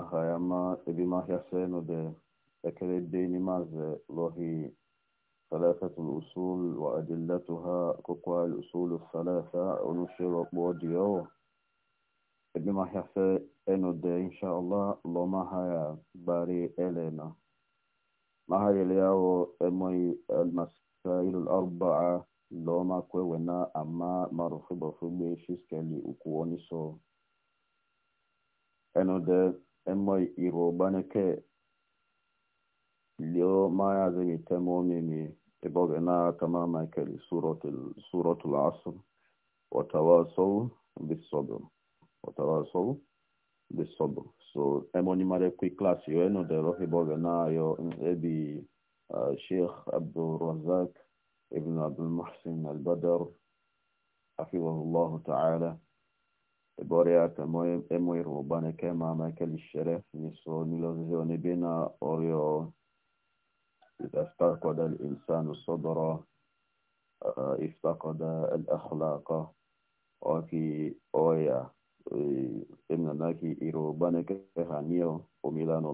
أخيما إبما يحسين ده ذكر الدين ماذا الله ثلاثة الأصول وأدلتها كقوى الأصول الثلاثة ونشر بوديو إبما يحسين ده إن شاء الله لما هيا باري إلينا ما هي الياو إمي المسائل الأربعة لما كوينا أما مرفوضة في بيشيس كالي أكواني سو أنو ده emoy irobaneke leo maya zemi temo mimi تبقى إنها تماما كسورة سورة العصر وتواصل بالصبر وتواصل بالصبر so أموني مالي كوي كلاس يوينو دي روحي بقى إنها يو إبي شيخ عبد الرزاق ابن عبد المحسن البدر حفظه الله تعالى eboria kemo emoiro bane kema michael sheref niso nilozio nibina orio استفقد الإنسان الصبر افتقد الأخلاق وفي أويا إمنا ناكي إيرو بانك هانيو وميلانو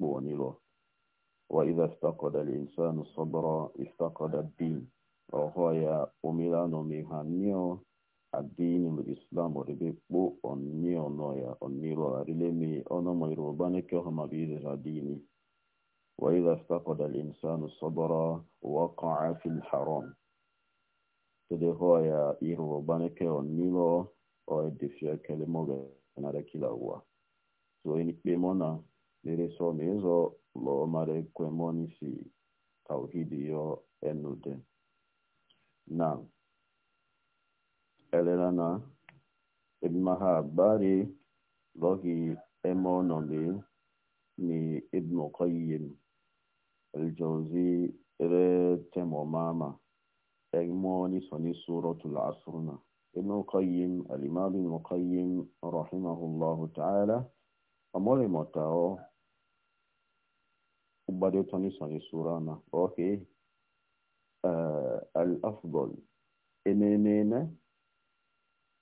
بونيلو وإذا افتقد الإنسان الصبر افتقد الدين وهو يا وميلانو مهانيو addini mu islam oribe kpo onni ono ya onniro arilemi ono mo iroba ne ke ho mabide radini wa idha istaqada al insanu sabra waqa'a fil haram tede ho ya iroba ne ke onniro o edifia kele mo ga na rekila wa so eni pe mona lere so mezo lo mare kwemoni si tauhidi yo enude now elelana ibmahabari logi emonobi ni ibn qayyim aljawzi re temomama egmoni soni suratul asruna ibn qayyim al-imam ibn qayyim rahimahullahu ta'ala amole motao ubade toni soni surana okay uh, al-afdal enenene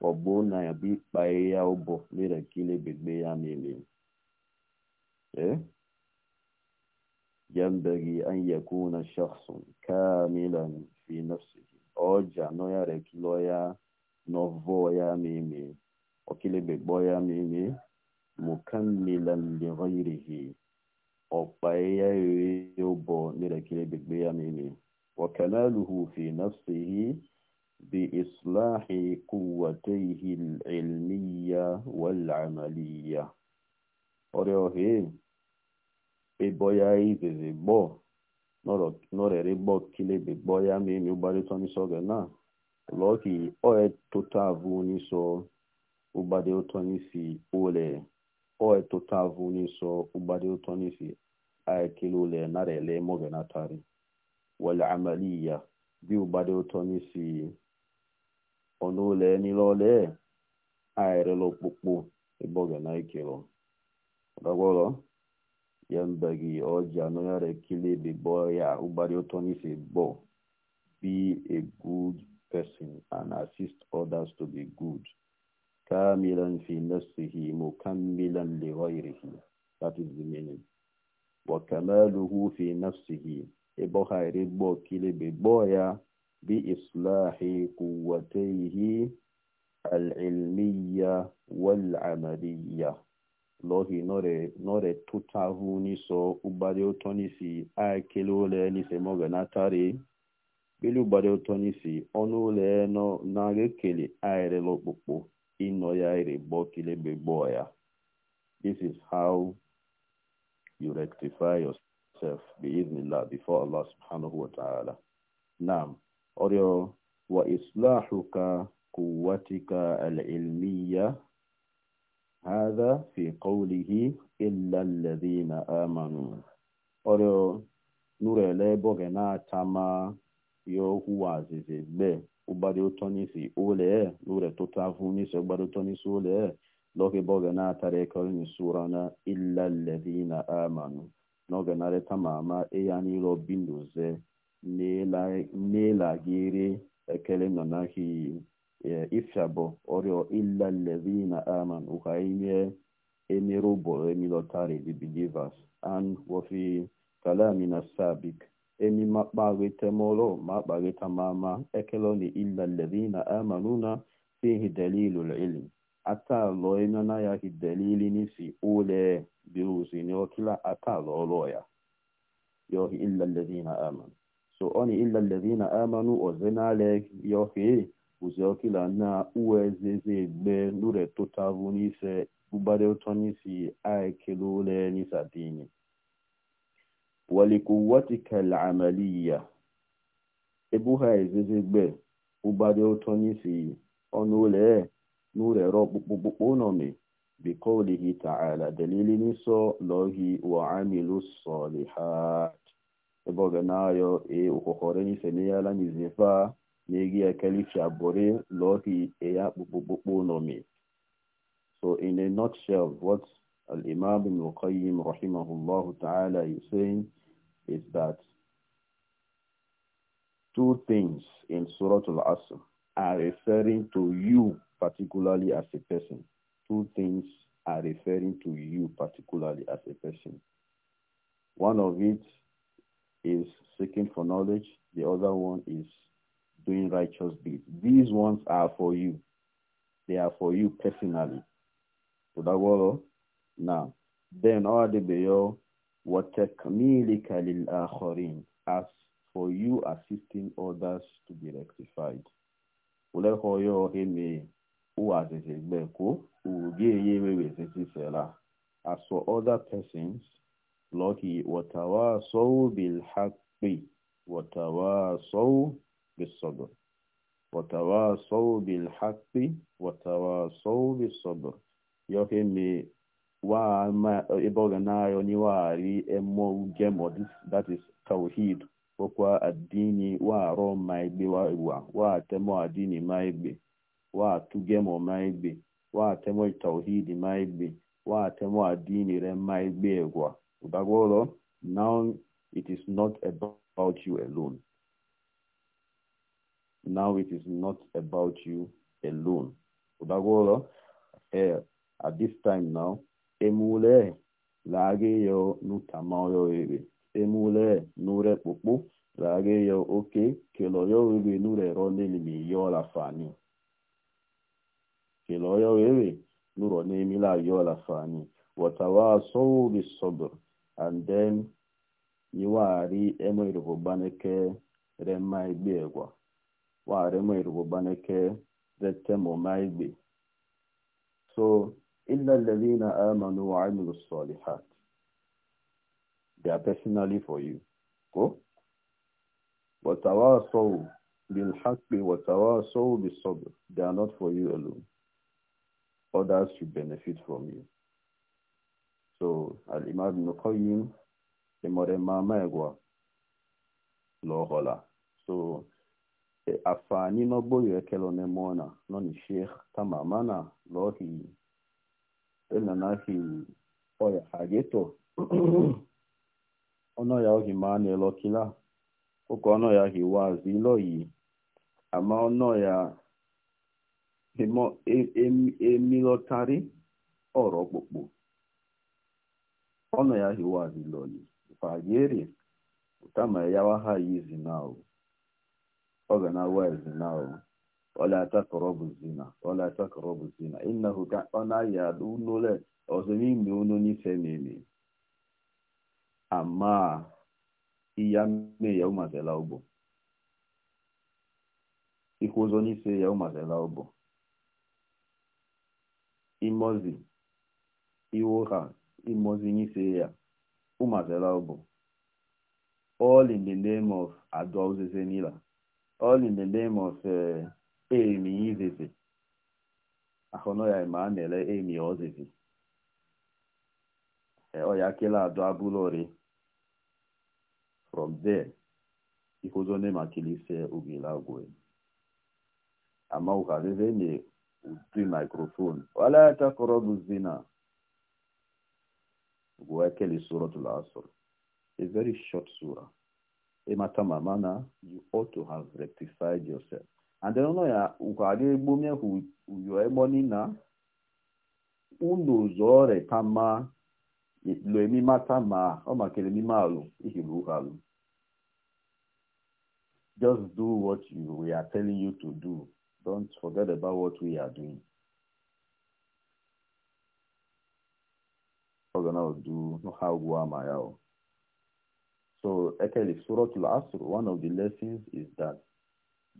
bụ na ya bụ ịkpae ya ụbọ mere nkile begbe ya mere ينبغي أن يكون شخص كاملا في نفسه ọjà nọ ya rẹ̀ kí lọ ya nọvọ ya mímí ọkílẹ̀gbẹ̀gbọ́ ya mímí mùkánmìlà lèrọ ìrìhì ọ̀pá ẹ̀yà ya بإصلاح قوتيه العلمية والعملية ọrịọhe ebo ya izeze gbọ nọrịrị gbọ gbọ ya ma emi ụgbarịta n'iso oge na lọki oe tota avụ n'iso ụgbadị ụtọ n'isi ole oe tota avụ n'iso ụgbadị ụtọ n'isi aekele ole narele moge natari wala amaliya bi ụtọ ọnụ ole n'ile ole agharịla okpukpu ịbọga na ikelo dagwọrọ ya mbe gị ọjị anụghara ekele bibọ ya ụgbari ụtọ n'isi bọ be a good person and assist others to be good kamilan fi nafsihi mukammilan li ghayrihi that is the meaning wa kamaluhu fi nafsihi ịbọ ha ere gbọ kile bibọ ya بإصلاح قوتيه العلمية والعملية lọ́hì nọ́rẹ̀ ní sọ ya èrè kílé this is how you rectify yourself bi iznillah before allah subhanahu wa ta'ala naam أريو وإصلاحك قوتك العلمية هذا في قوله إلا الذين آمنوا أريو نور لبوغ ناتما يوهو عزيزي بي ubade otonisi ole nure totafu nisi ubade otonisi ole loke boga na tare kolni surana illa alladhina amanu noga nare tamama eyani lo binduze n'elagiri ekele nọ n'ahịa eh, ifshabọ ọrịọ ilalezi na aman uhaimie emere ụbọrọ emilotari the believers and wofi kalamina sabik emi makpaghete molo makpagheta mama ekeloni ilalezi na amanuna fihi dalilu ilm atalo emena ya hidelili nisi ule birusi ni okila atalo oloya yohi ilalezi na amanu so oni illa alladhina amanu ozenale yohe uziokila na uwezeze egbe lure totavu n'ise gbubade ụtọ n'isi aikele ụlọ n'isadini walikuwatika al'amaliya ebuha ezeze egbe gbubade ụtọ n'isi ọnụ ụlọ n'ụlọ ere ọkpụkpụkpụ nọmi bikolihi ta'ala dalili n'iso lohi wa amilu solihat nomi so in a nutshell what al-imam al qayyim rahimahullah ta'ala is saying is that two things in surah al-asr are referring to you particularly as a person two things are referring to you particularly as a person one of it is seeking for knowledge. The other one is doing righteous deeds. These ones are for you. They are for you personally. Now, then Oadibeyo watakmilika lil-akharin as for you assisting others to be rectified. Ulehoyo heme uazezezbeko uge yewe wezezisela. As for other persons, lọ́kì wọ̀tàwá sọ́wọ́ bilhaqi wọ̀tàwá sọ́wọ́ bisọ̀bọ̀ wọ̀tàwá sọ́wọ́ bilhaqi wọ̀tàwá sọ́wọ́ bisọ̀bọ̀ yọkẹ́ mi wá ibọ̀gà náà yọ ní wàá rí ẹmọ jẹmọ that is tawhid kókó àdínì wàá rọ máa gbé wá ìwà wàá tẹmọ àdínì máa gbé wàá túgẹmọ máa gbé wàá tẹmọ tawhid máa gbé wàá tẹmọ àdínì rẹ máa gbé ẹ̀wà. Ubagwolo, now it is not about you alone. Now it is not about you alone. Ubagwolo, eh, at this time now, emule lage yo nutamayo ebe. Emule nure pupu lage yo oke yo ebe nure ronde limi yo la fani. yo ebe nuro ne mila yo la fani. Watawa so bi sobr. and then iwaghari emo irobobaneke rema igbe egwa waghara emo irobobaneke retema igbe so illa alladhina amanu wa amilu salihat they are personally for you go watawasaw bilhaqqi watawasaw bisabr they are not for you alone others should benefit from you so alimad nukoyim emore mama egwa hola so e afani no boyo ekelo ne mona no ni sheikh tamamana lohi e na nahi oya hageto ono ya ohi mani elokila uko ono ya hiwazi yi ama ono ya emilotari e, oro okpukpu ọnụ ya hiwa hiloli fageri utama yawa ha yizi nao oge na wezi nao ولا تقربوا الزنا ولا تقربوا الزنا إنه كان يدون له أزمين ميونوني سميمي أما إيامي يوم زلاوبو إخوزوني سي يوم زلاوبو إموزي إيوغا umazela umazelaubu all in the name of adwauzezemila all in the name of uh, emi izeze ahụnụ ma a na-ele emi ozizi eh, Oya kele adọ abụlori from there ihuzone makilise ugila gwe ama uhalezeni utwi microphone wala takorobu zina soro Suratul Asr. A very short surah. Ematamamana, you ought to have rectified yourself. And then ya ukage egbume uyo egbo nina unu zore tama lo emima tama ọ makere emime alụ ihibru alụ just do what you, we are telling you to do don't forget about what we are doing organized how Guamayao. So actually Suratul Asr, one of the lessons is that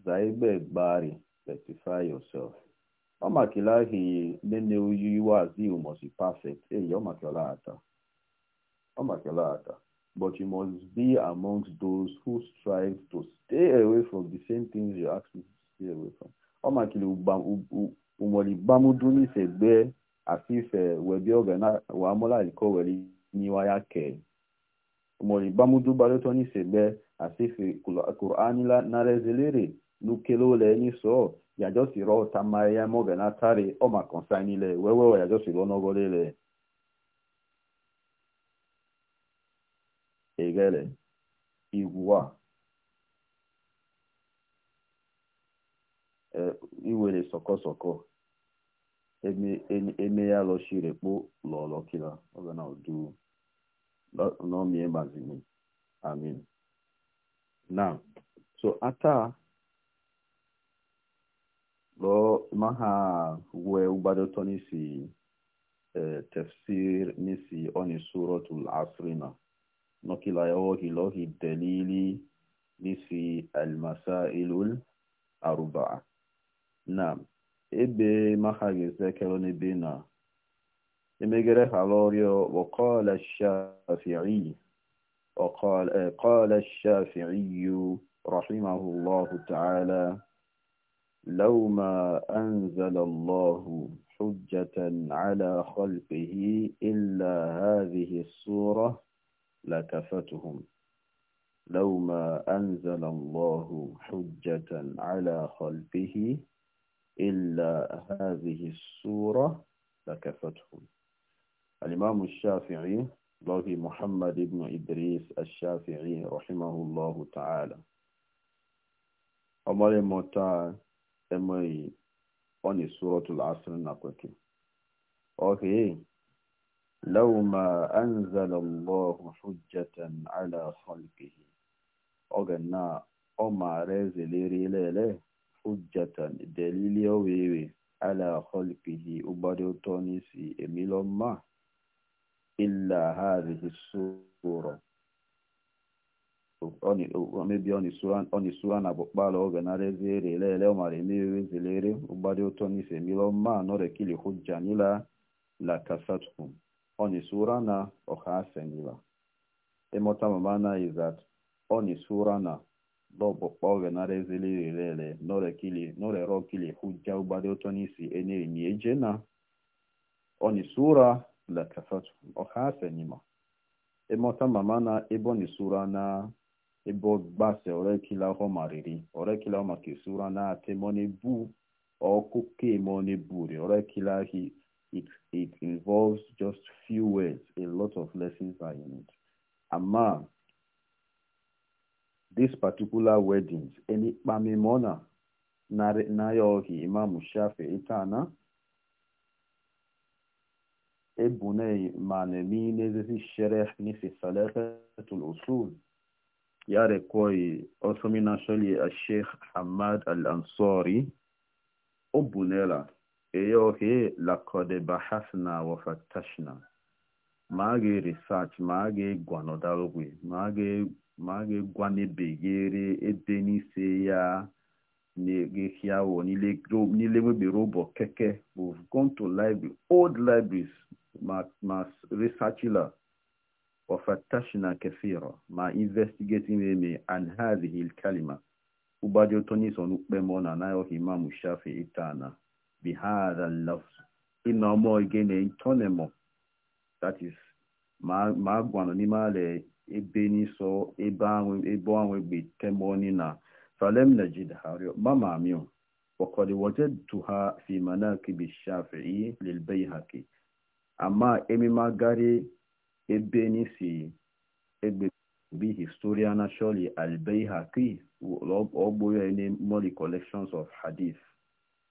Zaibe Bari, rectify yourself. kila Ọmakilahi nene uyiwa azi you must be perfect. Hey, kila ata. But you must be amongst those who strive to stay away from the same things you ask me to stay away from. Ọmakili umolibamuduni segbe asife webi oge na wamụla iko were nyiwa ya kee moribamudu baletoni sebe asife kuranila nareziliri nukelole niso yajosiro ya moge na tari oma konsainile wewewe yajosiro nogolele egere igwua iwere sokosoko eme ya lọchiri kpụ lọlọkila oge na udu n'ọmịe mazini amin na so ata lọ maha wee ụgbadọtọ n'isi eh, tefsir n'isi onye suratul asrina nọkila ya ohi lohi delili n'isi almasailul arubaa na. ebe maha ga-eze kere n'ebe na emegere hala ọrịọ وقال الشافعي وقال قال الشافعي رحمه الله تعالى لو ما أنزل الله حجة على خلقه إلا هذه الصورة لكفتهم لو ما أنزل الله حجة على خلقه إلا هذه السورة لكفتهم الإمام الشافعي الله محمد بن إدريس الشافعي رحمه الله تعالى أمال موتا أمي أني سورة العصر نقوكي أوكي لو ما أنزل الله حجة على خلقه أغنى أما زليري ريلي hujjatan dalili owewe ala khalqihi ubade utonisi emiloma illa hadhihi sura mebi oni sura na bukpala oge na rezere lele omara emewewe zelere ubade utonisi emiloma norekili hujja nila la kasatkum oni sura na oka asenila emota mamana is that oni sura na dọbọ kpọge nara ezeli rilele norekili norero kili hujja ụgbado ụtọ n'isi enenyi eje na onisura lakafat ọha afenima emọta mama na ebe onisura na ebe gbase orekila ọhọ mariri orekila maka isura na atemonibu ọkụkọ emoniburi orekila hi it, it involves just few words a lot of lessons are in it ama these particular weddings any pamimona nayohi imam shafi itana ebunei manemi nezezi ni fi salehetul usul yare koi osomina sholi a sheikh hamad al-ansori obunela eyohi lakode bahasna wafatashna ma ga research ma ga gwanodalogwe ma ma ga-egwanebeghere ede n'ise ya na-eghiawo n'ile nwebere ụbọ keke we've gone to library old libraries ma resachila wafatashna kefiro ma investigating eme and hadhihi kalima ụgbaji ụtọ n'isi ọnụ kpemọ na anaghị ma mushafi itana bihadha lafz ịna ọmọ igene itonemo that is ma gwanụ n'ime ala ebe n'iso ebe ahụ egbe kemoni na falem najid hario mama amio وقد وجدتها في مناكب الشافعي للبيهقي أما إمي ماغاري إبني سي إبني historian actually al-Bayhaqi أبو يعني مولي collections of hadith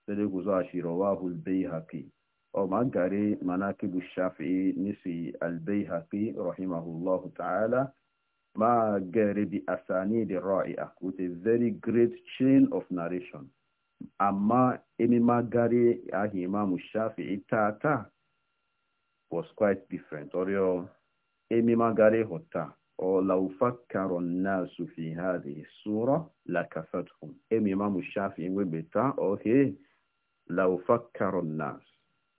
سيدي قزاشي رواه البيهقي ومعجري مناكب الشافعي نسي البيهقي رحمه الله تعالى ما جري بأسانيد رائعة with a very great chain of narration أما إني ما جري أهي إمام الشافعي تاتا was quite different أريو إني ما جري هتا أو لو فكر الناس في هذه الصورة لكفتهم إني إمام الشافعي وبتا أو هي لو فكر الناس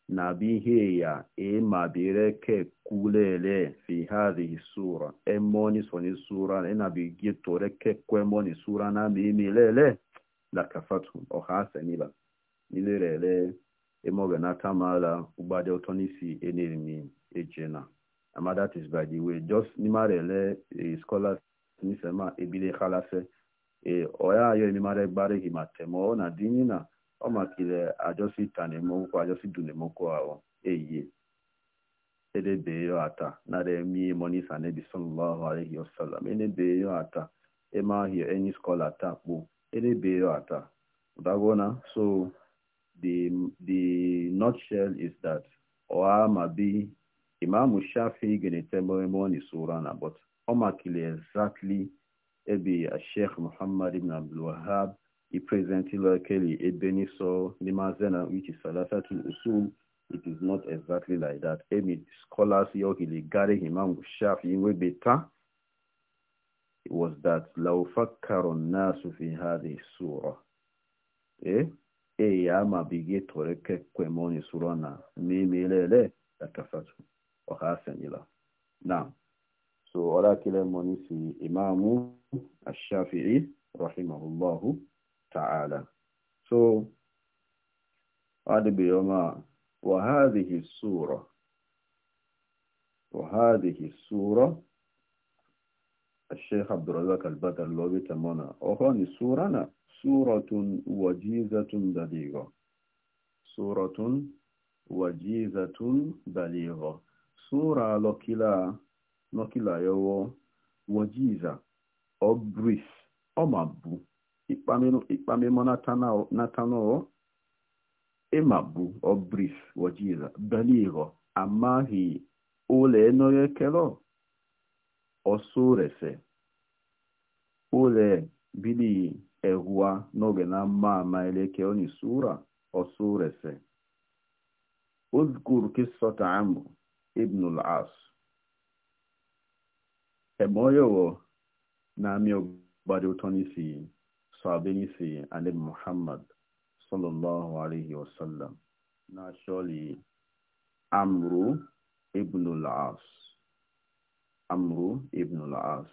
na biheya ema bireke kulele fi hadhihi sura emoni soni sura ena bigitoreke kwemoni sura na mimilele la kafatu ohasenila nilirele emoge natamala n'isi otonisi enirimi ejena ama that is by the way just nimarele e scholars nisema ebile khalase e oya ayo emimaregbare himatemo na dinina ọ makile ajọsi tanemokwu ajọsi dunemokwu ahụ eyiye edebeyo ata nara emi monis anebi sallallahu alaihi wasallam enebeyo ata emahio enyi skola ta kpo edebeyo ata dagona so the the nutshell is that ọha ma bi imam shafi genetemo emoni sura na but ọ makile exactly ebi sheikh muhammad ibn abdul wahab He presented presentila Kelly Ebeni saw Limazena, which is to Usul, it is not exactly like that. Emi scholars Yohili Gari Imam Shafi Beta was that Laufakaron Nasu fi hadi surah. Eh? E ama bige toreke kwemoni surana. Mimilele takafatu. Ohasenila. Now, so orakile si imamu الشافعي رحمه الله ta'ala. So adibi yama wa hadhihi sura wa hadhihi sura Sheikh Abdul Razak al-Badr lobi tamona oho ni sura na suratun wajizatun dadigo suratun wajizatun dadigo sura lokila nokila yowo wajiza obris omabu ikpamemo natanoro emabu obris wajira beligo amahi ule enoye kelo osurese ụlọ bili egwa n'oge na mma ama eleke oni sura osurese اذكر قصة عمرو ابن العاص emoyowo na-amị ọgbara ụtọ n'isi sahabimisi anabi muhammad sallallahu alaihi wasallam na sholi amru ibn al-as amru ibn al-as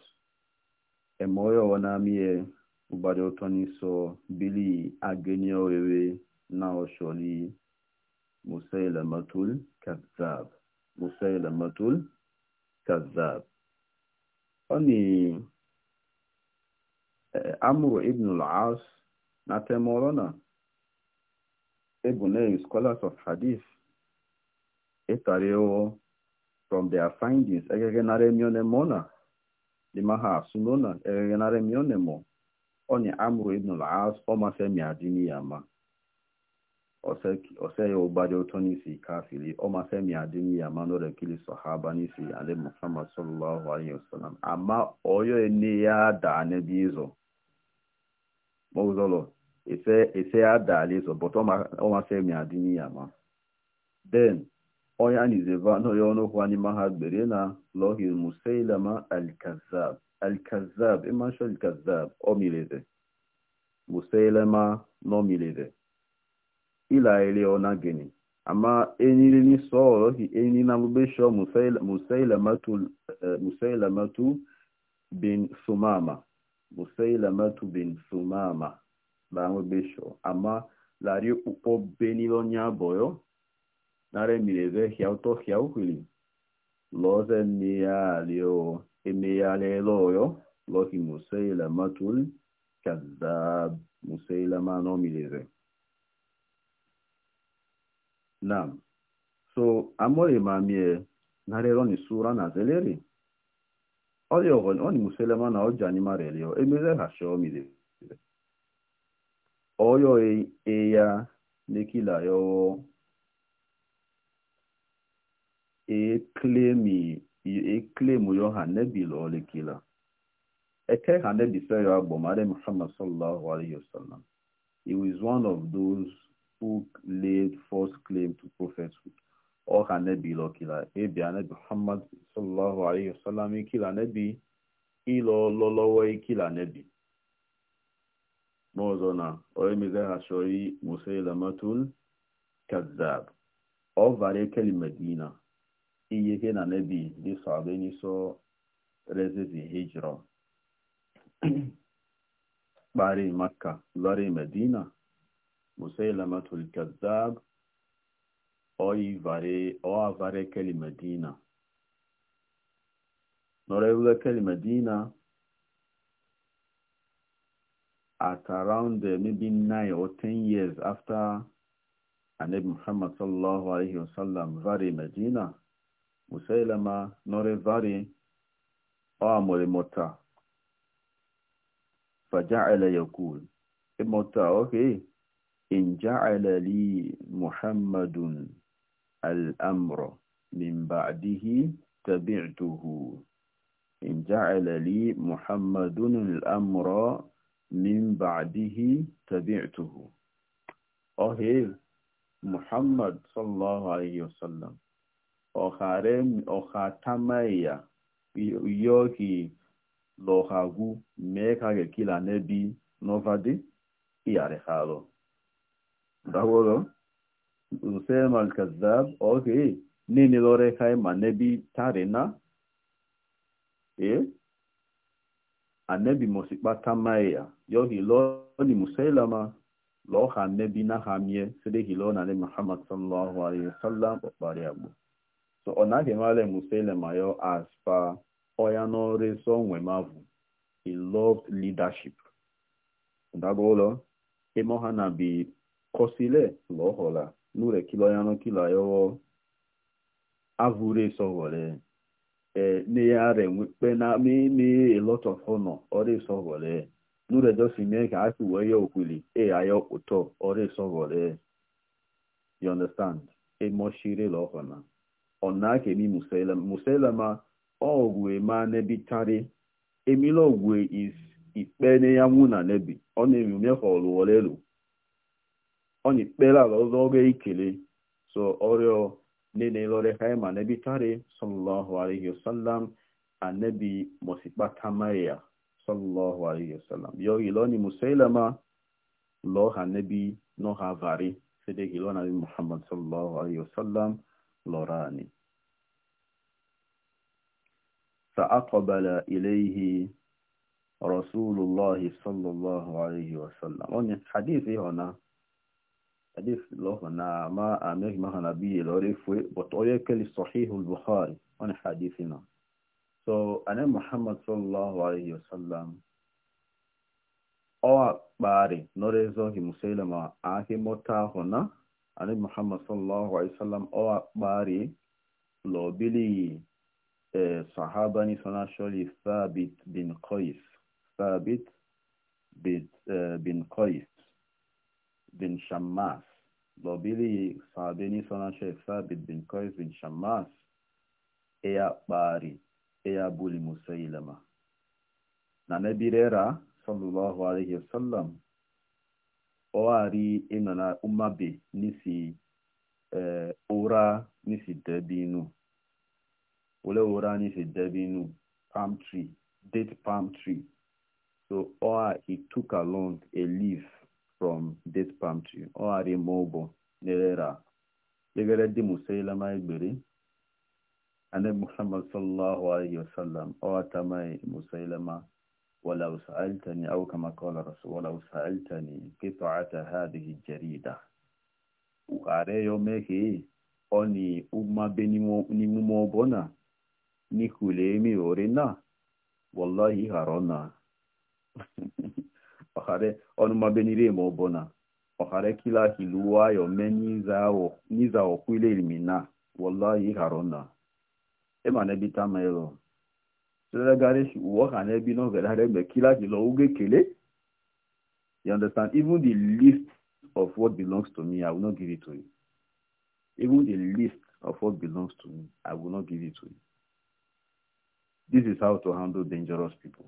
emoyo wanamie ubade otoniso bili agenio wewe na osholi musailamatul kadhab musailamatul kadhab oni amụrụ ibn al-As na Temorona Ebunei, scholars of Hadith, Etareo, from their findings, Egegenare Mionemona, the Maha Sunona, Egegenare Mionemo, Onye amụrụ ibn al-As, ma Adini Yama. ụtọ n'isi kafiri, ọmasemi adịghị ya ma n'ọrịa kiri n'isi Ale Muhammad sallallahu alaihi wasallam, ama oyo ene ya da n'ebe ịzọ. mozolo ese ese adali so but ịsọ semi adini ma then oya nizeva no ya ọnụ na lohil musailama alkazab alkazab imasho alkazab omileze musailama nomileze ila ele ona gini ama eniri ni so lohi eni na mubesho musailamatu musailamatu eh, sumama musailamatu bin sumama lanwe besho ama lari upo benilo nyaboyo nare mireze hiau to hiau hili loze niyalio emeyaleloyo lohi musailamatul kazab musei no mireze Nam so amore mamie narero ni sura na zeleri oyo oni muselema na oja animal elio emeze hashomile oyo eya nekila yo eklemi eklemu yo hanebilo lekila eke hanebi sayo agbomarị muhammad sallallahu alaihi wasallam he was one of those anebi lọ kila ebi anebi muhammad sallallahu alaihi wasallam kila anebi ilo lọlọwọ kila anebi n'ọzọ na oyemize ha shori musa ilamatul kazab ọ vare keli medina iye ke na nebi di sabe niso rezezi hijra kpari makka lori medina musa ilamatul kazab oyi vare oa vare keli medina norevle keli medina at around uh, maybe nine or ten years after Anabi Muhammad sallallahu alayhi wa sallam vari Medina, Musailama nore vari amore mota. فجعل يقول متا اوكي ان جعل لي محمد الأمر من بعده تبعته إن جعل لي محمد الأمر من بعده تبعته أهل محمد صلى الله عليه وسلم أخارم أخاتمي يوكي لوخاغو ميكا كيلا نبي نوفادي يارخالو دهولو Usayl al-Kazab, okay, nini lore kai manebi tarina, eh? Anebi mosikpata maya, yo hilo ni musailama, lo ha nebi na hamye, sede hilo na ne Muhammad sallallahu alayhi wa sallam, okpari agbo. So onake male musailama yo as far, oya no He loved leadership. bi kosile lo hola. nure kilo ya no kilo yo avure so gole eh ni ya re pe na mi ni a lot of honor ore so gole nure just me ka asu we yo okuli e ayo uto ore so gole you understand e mo shire lo hona ona ke mi musela musela ogwe ma nebitari e emilo ogwe is ikpe ne ya nwụ na nebi ọ na-emi ume ka ọlụ ọlelu onye kpere ala ọzọ oge ikele so ọrịọ nene lọrị ha ma nebi tare sallallahu alaihi wasallam anabi mosikpata maria sallallahu alaihi wasallam yo iloni musailama lo ha nebi no ha vari se de ilona bi muhammad sallallahu alaihi wasallam lorani fa aqbala ilayhi rasulullah sallallahu alaihi wasallam onye hadithi هنا حديث الله أنا ما أمير ما نبي العرف بطوية كل صحيح البخاري أنا حديثنا so أنا محمد صلى الله عليه وسلم أو باري نوريزو هي مسلمة آهي موتا هنا أنا محمد صلى الله عليه وسلم أو باري لو بلي إيه، صحابة نسونا شولي ثابت بن قيس ثابت بن إيه، قيس bin Shammas Lo bili lobili sahabeni sana Sheikh Thabit bin Qais bin Shammas eya bari eya buli Musailama na ne birera sallallahu alaihi wasallam oari inana umabe nisi eh, ora nisi debinu ule ora nisi debinu palm tree date palm tree so or he took along a leaf from date palm tree ọ ghara ime ụgbọ n'elera legere di musailama egbere anabi muhammad sallallahu alaihi wasallam ọ ghatamai musailama ولو سألتني أو كما قال رسول ولو سألتني قطعة هذه الجريدة وعلى يومك أني أما بني مبونا نكولي ميورنا والله هارونا ọ̀hárẹ́ ọnụmabe n'ire ma ọ bụ na ọ̀hárẹ́ kila hiluwa ayọ̀ mee n'iza ọkwụ ile ilimi na wọla ịghara na ịma na ebita ma ịlọ sịrịgharị uwe ọha na ebi n'oghara eme kila hilo oge kele you understand even the list of what belongs to me i will not give it to you even the list of what belongs to me i will not give it to you this is how to handle dangerous people.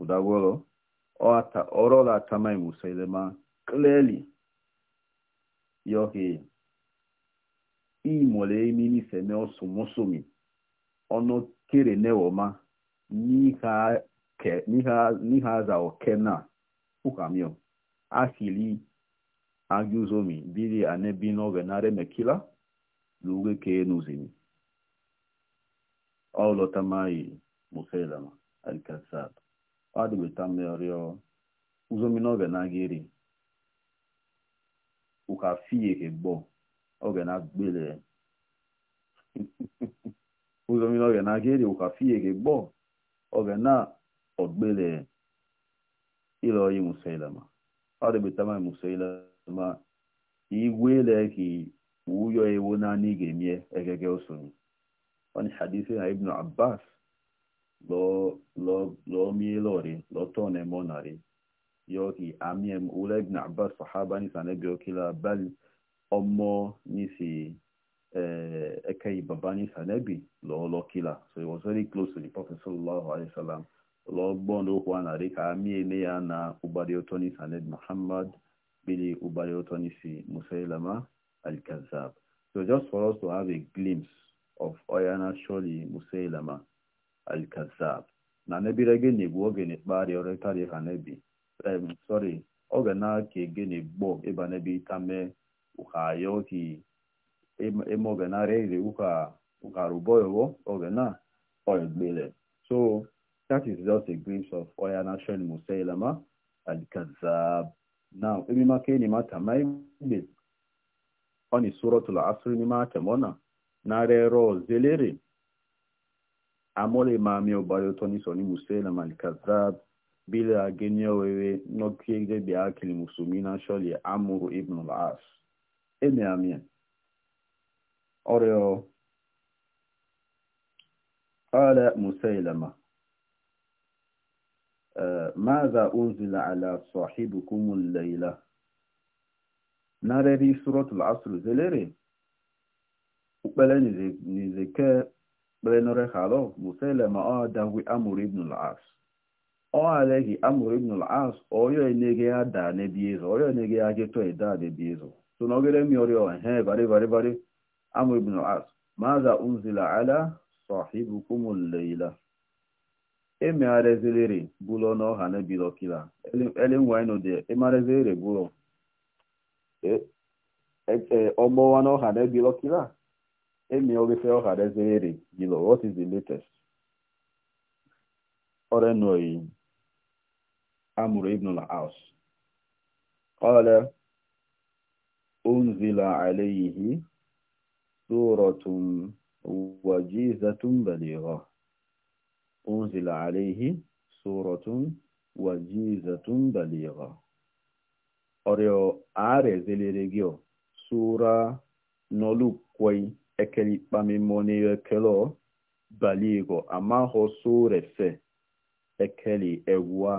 Udawolo. orola tamai musailema clearly yohe imole emini seme osomosomi ono kere newoma ma ke niha niha za okena ukamio ahili biri bili anebino venare mekila luge ke nuzimi aulotamayi musailama alkasab adubetamerio uzominogenagiri ukafie na ogenagbele uzominogenagiri ukafie oge na ogbele iloyi musailama adubetama musailama igwele ki uyo ewo ga gemie egege osoni wani hadithi na ibnu abbas lo lo lo mielori lo tone monari yoki amiem uleg na abbas sahaba ni sanebi okila bal omo nisi eh ekei baba ni sanebi lo lo kila so he was very close to the prophet sallallahu alaihi wasallam lo gbondo kwa na rika amie ne ya na ubari otoni saned muhammad bili ubari otoni si musailama al-kazzab so just for us to have a glimpse of oyana surely musailama al na na nebire gịnị bụ oge na-ekpegharị ọrụ karịa ha nebi em sọrị oge na-aka gịnị gbọ ịba nebe itame uhayo ki eme oge na rere uka ukaruboyowo oge na oyegbele so that is just a glimpse of oya nation musailama al-kasab now ebe maka enyi mata ma igbe ọ na-esoro tụlụ asịrị n'ime akamọna na rere ozelere amole mami obayo toni soni musela malikazab bila agenio wewe nokiegde biakili musumina sholi amuru ibn al-as ene amie oreo قال مسيلمة ماذا أنزل على صاحبكم الليلة نرى سورة العصر زلري وبلن نزكى kpelenore halo muselema ọ dagwi amụrụ ibnul as ọ alaghị amụrụ ibnul as oyo enege ya da n'ebi ezo oyo enege ya e n'ebi so na ogere ọrịa bari bari bari amụrụ maza unzila ala na ọha n'ebilo kila elenwaino de ọgbọwa na ọha emi ogefe ọhara ezere gilo what is the latest ọrẹnuoyi amuru ibn al-aus قال أنزل عليه سورة وجيزة بليغة أنزل عليه سورة وجيزة بليغة أريو آرز لرجيو سورة نولو كوي ekeli kpamimoni ekelo baligo amaho surefe ekeli ewa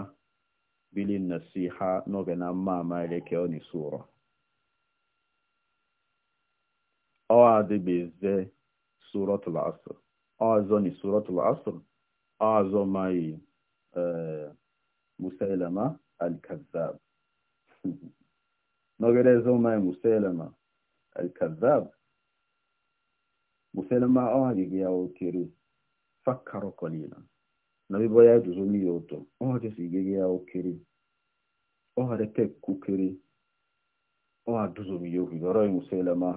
bili nasiha noge na mama elekeo ni suro ọ adịbeze suratul asr ọzọ ni la asr ọzọ eh, mai musailama al-kazzab nogere zo mai musailama al-kazzab muselema ohagige ya okere fakaro kolina na bibo ya juzo mi yoto ohage sigege ya okere ohare ke kukere oha duzo mi yoki goro muselema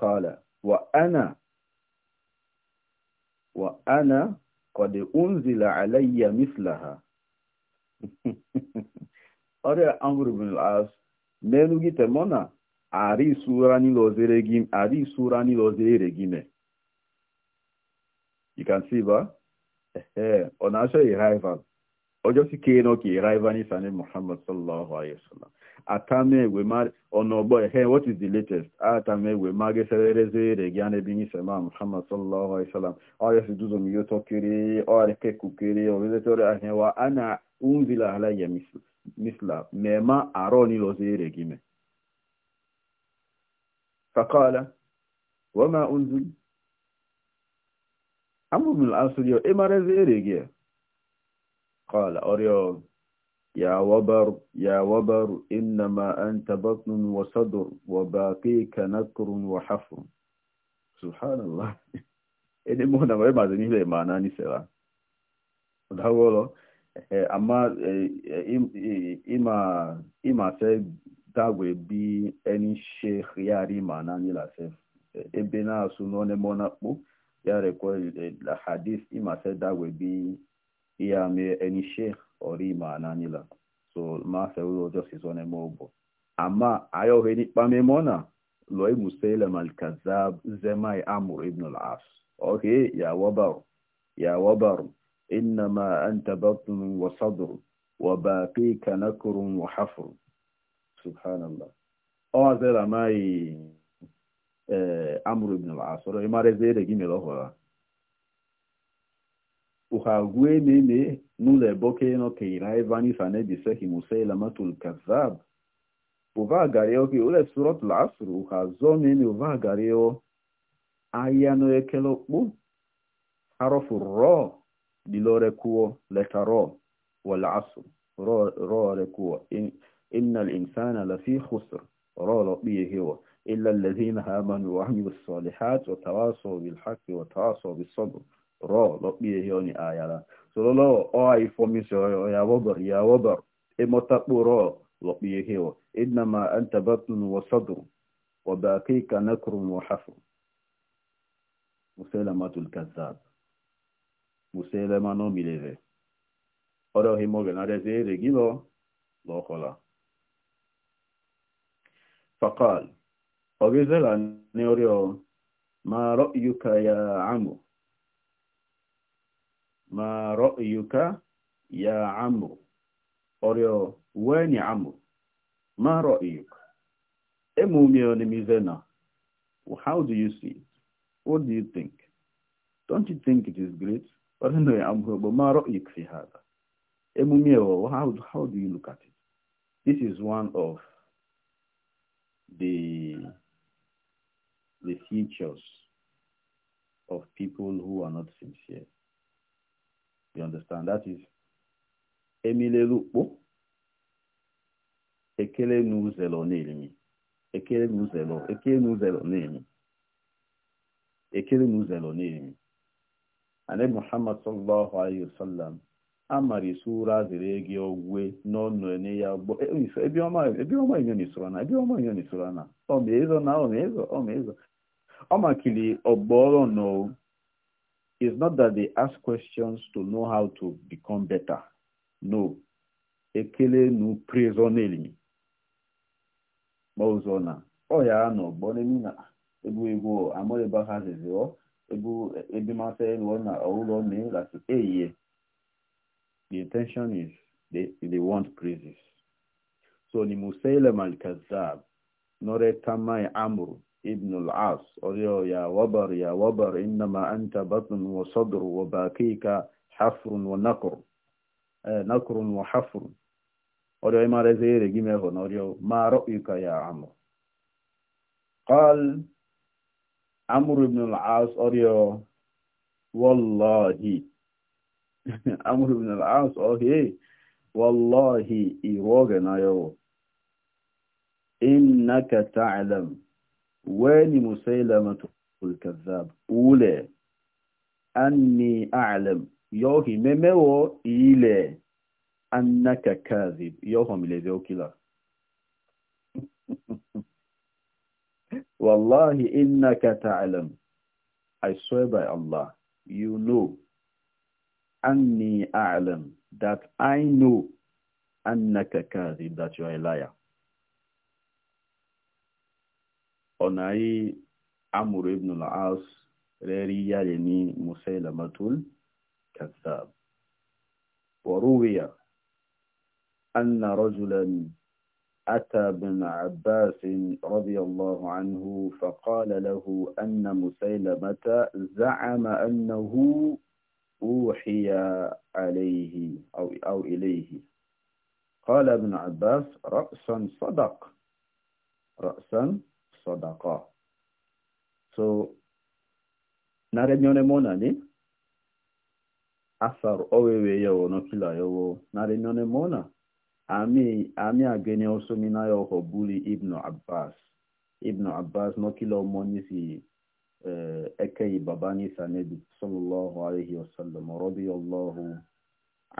qala wa ana wa ana qad unzila alayya mithlaha ore amru bin al-as menu gitemona ari sura nilozere gim ari sura nilozere gime you can see ba eh ona so rival ojo si ke no ki rival ni sani muhammad sallallahu alaihi wasallam atame we ma ono bo eh what is the latest atame we ma ge sere zere gane bi muhammad sallallahu alaihi wasallam ayo si duzo mi yoto kiri o are ke kukiri o vile tore ahne wa ana unzila alayya ya misla mema aroni lozere gime فقال وما أنزل عمرو بن العاص يو إمارة زيريجي قال أريو يا وبر يا وبر إنما أنت بطن وصدر وباقيك نكر وحفر سبحان الله إني مهنا ما يمازني لي معنا نسوا ده هو لو أما إما إما سيد dagwe bi eni sheikh yari manani la se. ebena sunone mona kpo ya rekwa e, la hadith ima se dagwe bi iya me eni sheikh ori manani la so ma se wo just isone mobo ama ayo heni pamemona loy e musailam mal kazab zamai amur ibn al-as okay ya wabar ya wabar انما انت بطن وصدر nakrun wa وحفر subhanallah ọwazera amaghị ee eh, amụrụ binala asọrọ ịmarazi ere gị mere ọhụrụ uhagwe meme n'ụlọ eboke nọ keira evani fanebisehi musaila matul kazab ụva gario gị ụlọ surọtụl asụrụ uhazọ meme ụva gario ahịa nọ ekele okpu harofu rọ dilorekuo letarọ wala asụrụ rọ rekuo إن الإنسان لفي خسر رول بيه هو إلا الذين آمنوا وعملوا الصالحات وتواصوا بالحق وتواصوا بالصبر رول بيه هو آية سلو أي فمس يا وبر يا وبر إما تقو رول بيه هو إنما أنت بطن وصدر وباقيك نكر وحفر مسلمة الكذاب مسلمة نومي لذي أرهي همو بنادزي رجيلو لو خلاص فقال أغزل عن ما رأيك يا عمو ما رأيك يا عمو أريو وين عمو ما رأيك أموميون ميزنا How do you see it? What do you think? Don't you think it is great? But no, I'm but ما رأيك في هذا? أموميون how, how do you look at it? This is one of the the futures of people who are not sincere. You understand? That is Emile Lupo. Ekele nuzelo n'elimi. Ekele nuzelo. Ekele nuzelo n'elimi. Ekele nuzelo n'elimi. And then Muhammad sallallahu amari sura azịrị gị ogwe n'ọnụ enye ya e, ebiọma inyonisoro na ebiọma inyonisoro na ọmezo na ọmezo ọmezo ọmakili ọgbọrọ no is not that they ask questions to know how to become better no ekele nu prizonelimi ma ụzọ na ọya nọ gbọnemi na egwu egwu amụrịba ha zezio ebu e, ebimasị ụlọ na ọụlọ mee lati eye The intention is they, they want praises. So ni Musaylam al kazab Nore Tamay Amru, Ibn al-As, Oriyo ya wabar ya wabar, innama anta Batun wa sadr wa bakika hafrun wa nakr, eh, nakrun wa hafrun. Oriyo ima rezeere gimeho, Oriyo ma ra'yuka ya Amru. amru ibn al العاص أريو wallahi. Amr ibn al-As ohi wallahi iroge na yo innaka ta'lam wani musailamatu kazzab ule anni a'lam yohi memewo ile annaka kadhib yoho mileze okila wallahi innaka ta'lam i swear by allah you know أني أعلم that I know أنك كاذب that you are a liar. On أمر eu Amour ibn al-As Réri Yalini Moussaïla Matoul كذاب. وروي أن رجلا أتى بن عباس رضي الله عنه فقال له أن مسيلمة زعم أنه أوحي عليه أو, أو إليه قال ابن عباس رأسا صدق رأسا صدقا so narenyone monani asar owewe yawo nokila yawo narenyone mona ami ami agene osomina yawo buli ibnu abbas ibnu abbas nokila omonisi ekeyi baba ni sanedi sallallahu alayhi wa sallam radiyallahu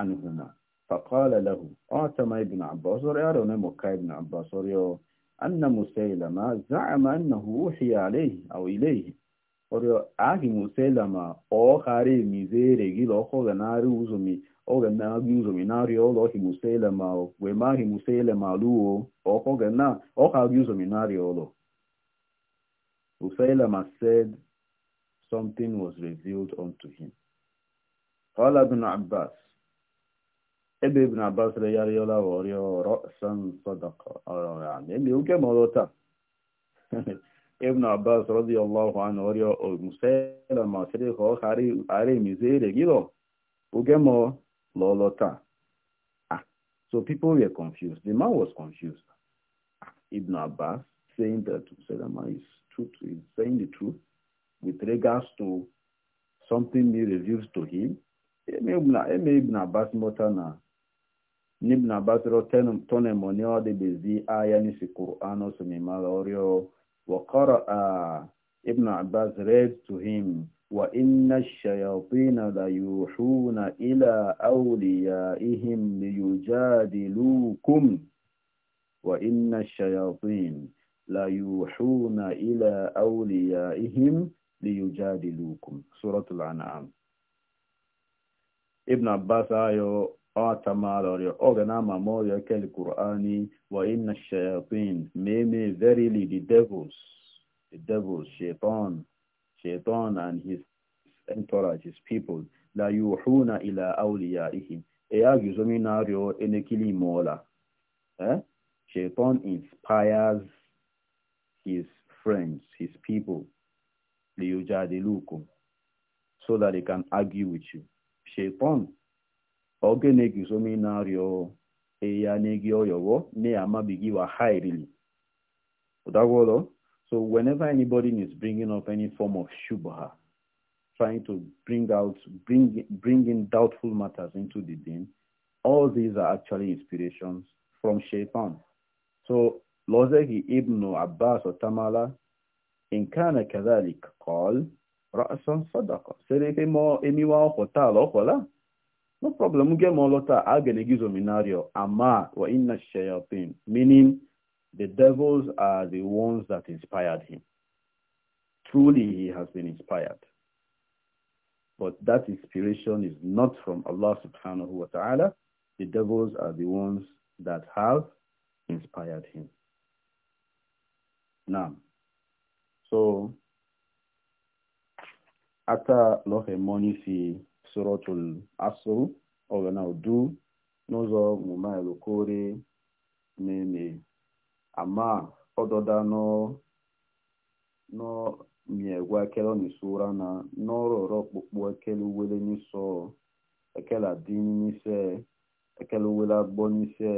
anhuma فقال له آتم ابن عباس أرون مكة ابن عباس أن مسيلمة زعم أنه أوحي عليه أو إليه أريو أهي مسيلمة أو خاري مزيري جيل أخو غناري وزمي أو غناري وزمي ناري أو لأهي مسيلمة وما هي مسيلمة لو أخو غناري أو خاري وزمي ناري أو Usailama said something was revealed unto him. قال ابن Abbas, ebe ibn Abbas reyariola wario ra'san sadaqa yani uke molota ibn Abbas radiyallahu anhu wario o musela ma sere khari are mizere giro uke mo ah, so people were confused the man was confused ah, ibn Abbas saying that Usailama is truth is saying the truth with regards to something he reveals to him. Eme Ibn Abbas motana Ibn Abbas rotenum tone monio de bezi aya ni si Qur'ano wa Ibn Abbas read to him wa inna shayatina la yuhuna ila awliyaihim liyujadilukum wa inna shayatina la yuhuna ila awliyaihim liyujadilukum suratul an'am ibn abbas ayo atamalorio ogana mamorio kel qur'ani wa inna shayatin meme verily the devils the devils shaitan شيطان and his entourage his people la yuhuna ila awliyaihim eyagizo minario enekili mola eh shaitan inspires his friends, his people, the so that they can argue with you. Shaitan, oge na-egi somi na-arịọ eya na-egi ne na na-amabighị wa hairili. Ụdagwọlọ, so whenever anybody is bringing up any form of shubha, trying to bring out, bring, bringing doubtful matters into the din, all these are actually inspirations from Shaitan. So لوزه ابن عباس وتمالا إن كان كذلك قال رأسا صدقة سريبي مو إمي واخو تالو خلا no problem muge molota agelegizo minario ama wa inna shayatin meaning the devils are the ones that inspired him truly he has been inspired but that inspiration is not from Allah subhanahu wa ta'ala the devils are the ones that have inspired him Now, so after lohe money fi suratul asr ọ ga na udu n'ụzọ mụma elokore na-eme ama ọdọda nọ miegwa ekele n'isura na n'ọrụ ọrụ ọkpụkpụ ekele uwele n'iso ekele adị n'ise ekele uwele agbọ n'ise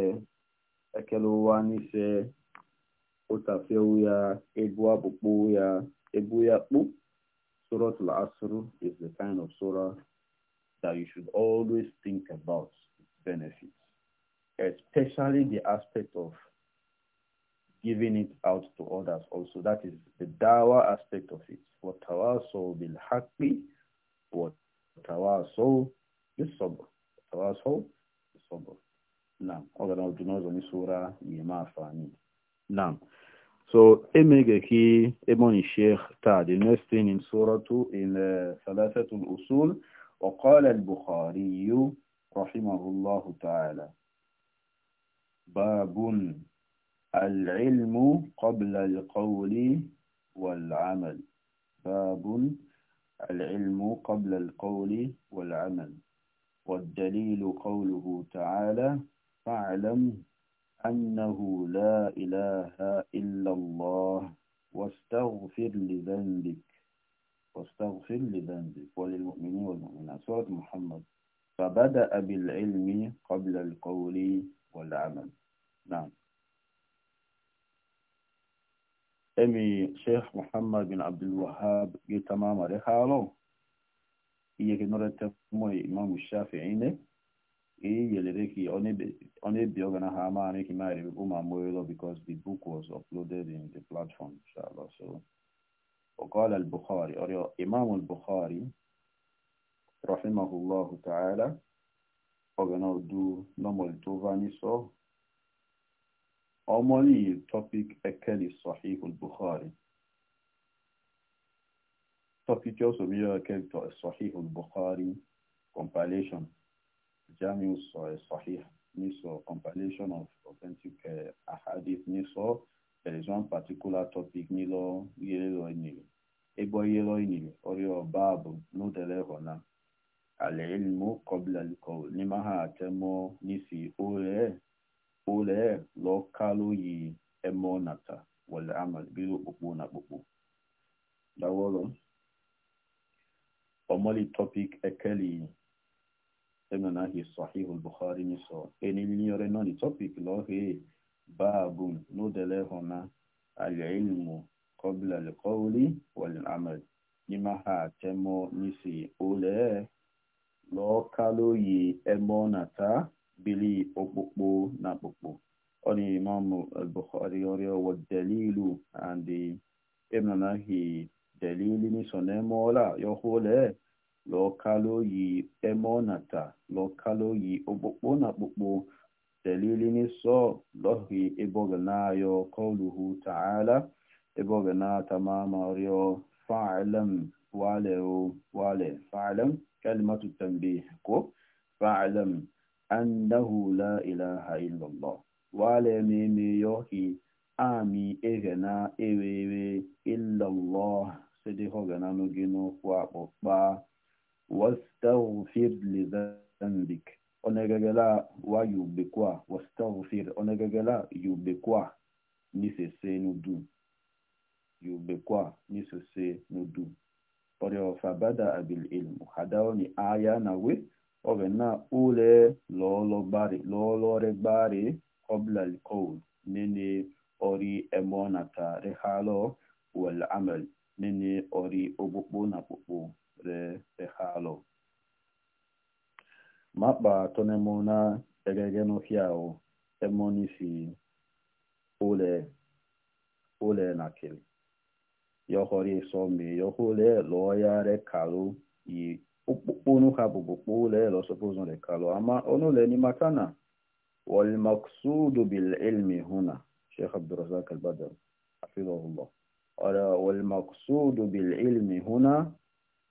ekele ụwa n'ise utafeu ya ebu ya surah al-asr is the kind of surah that you should always think about benefits especially the aspect of giving it out to others also that is the dawa aspect of it watawasaw bil haqqi watawasaw bis sabr watawasaw bis sabr na do ọdụnọzọ n'isi ụra ihe ma afa anyị نعم So, emegeki ebon الشيخ تاع the next thing in surah in ثلاثة الأصول وقال البخاري رحمه الله تعالى باب العلم قبل القول والعمل باب العلم قبل القول والعمل والدليل قوله تعالى فاعلم أنه لا إله إلا الله واستغفر لذنبك واستغفر لذنبك وللمؤمنين والمؤمنات سورة محمد فبدأ بالعلم قبل القول والعمل نعم أمي شيخ محمد بن عبد الوهاب تمام رحاله كنورة تموي إمام الشافعي yelere ki onebe ogana ha ma ne ki ma re bu ma moelo because the book was uploaded in the platform inshallah so وقال البخاري أو إمام البخاري رحمه الله تعالى أغنى دو نمول توفاني سو أمولي توبيك أكلي صحيح البخاري توبيك يوسف يوكل صحيح البخاري compilation Jamius uh, Sahih Niso, compilation of authentic uh, ahadith Niso, there is one particular topic Nilo Ebo Yelo Babu, Ale kobla liko, nimaha nisi lo yi emonata, wale سمنا هي صحيح البخاري نسو إن اللي ناني توبيك لو هي باب نودل هنا العلم قبل القول والعمل نما هاتمو نسي أولي لو كالو يي أمونتا بلي أبوكو نابوكو أني إمام البخاري والدليل عندي إبن ناهي دليل نسو نمولا يقول lo kalo yi emonata lo kalo yi okpokpo na kpokpo dalili ni n'iso lọhi yo kauluhu ta'ala ebogana tamamarịọ fa'alam wale wale fa'alam kalimatu tambih ko fa'alam annahu la ilaha illallah wale mi meme yohi ami egena ewewe illallah sede hogana no gino kwa akpọkpa واستغفر لذنبك onegegela wa yubekwa wastaghfir onegegela yubekwa nisese nudu yubekwa nisese nudu ọrịa ọfabada abil ilm hadao ni aya na we oge na ule lọọlọregbari kọbla likowl nene ori emo rehalo wel amel nene ori ogbokpo na kpokpo re rehalo mapa tonemona egegeno hiao emonisi ole ole nakili yohori somi yohole loya rekalu yi ukpukpunu ha bụbụkpu ụlọ elo sọpụzụ rekalu ama onule ni makana والمقصود بالعلم هنا شيخ عبد الرزاق البدر حفظه الله والمقصود بالعلم هنا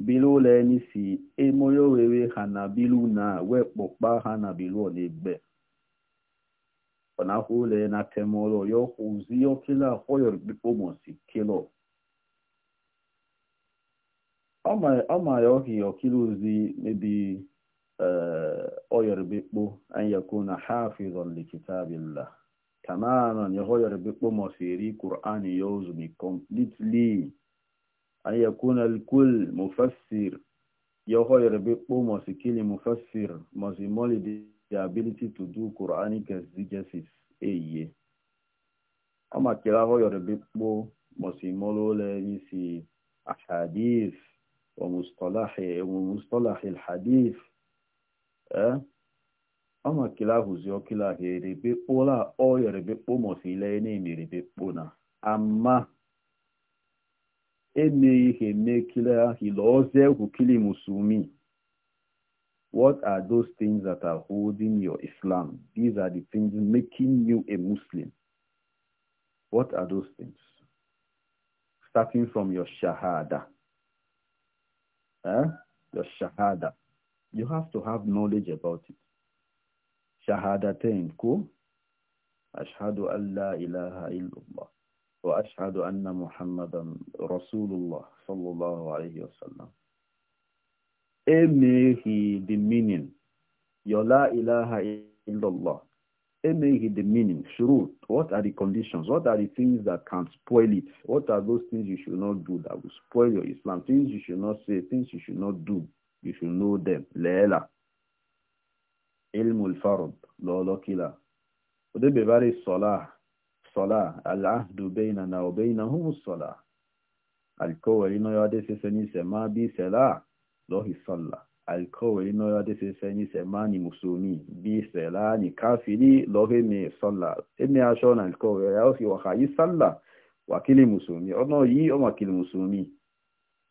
bilu enyi si emoyo ha na bilu na wekpokpa na bilu onegbe ọnahụ le na temolo ya hụzi ọkịla ahọyọrọ kpomosi kelo ọma ya ohi ọkịla ozi mebi eh, ọyọrọ bikpo anyakwu na hafizon kama kamanan ya ọyọrọ bikpo mosiri kur'an ya ozumi completely an yakuna alkul mufassir yaho yarbe po must kill mufassir must moli the ability to do quranic exegesis eye ama kila ho yarbe po must molo le nisi ahadith wa mustalah wa mustalah alhadith eh ama kila huzio kila herebe po la o yarbe po must ile ni mirebe po na ama eme ihe musumi. What are those things that are holding your Islam? These are the things making you a Muslim. What are those things? Starting from your shahada. Eh? Your shahada. You have to have knowledge about it. Shahada te cool? Ashhadu an la ilaha illallah. وأشهد أن محمدا رسول الله صلى الله عليه وسلم emeghị the يلا إله إلا الله illallah emeghị شروط what are the conditions what are the things that can spoil it what are those things you should not do that will spoil your islam things you should not say things you should not do you should know them leela ilmul كلا lọlọkila odebebari solah الصلاة العهد بيننا وبينهم الصلاة الكوي نو يادي سيسني سما بي سلا لوهي صلى الكوي نو يادي سيسني سما ني مسومي بي سلا ني كافري لوهي مي صلى إمي عشان الكوي يوفي وخاي صلى وكيلي مسومي أنا يي أما كيلي مسومي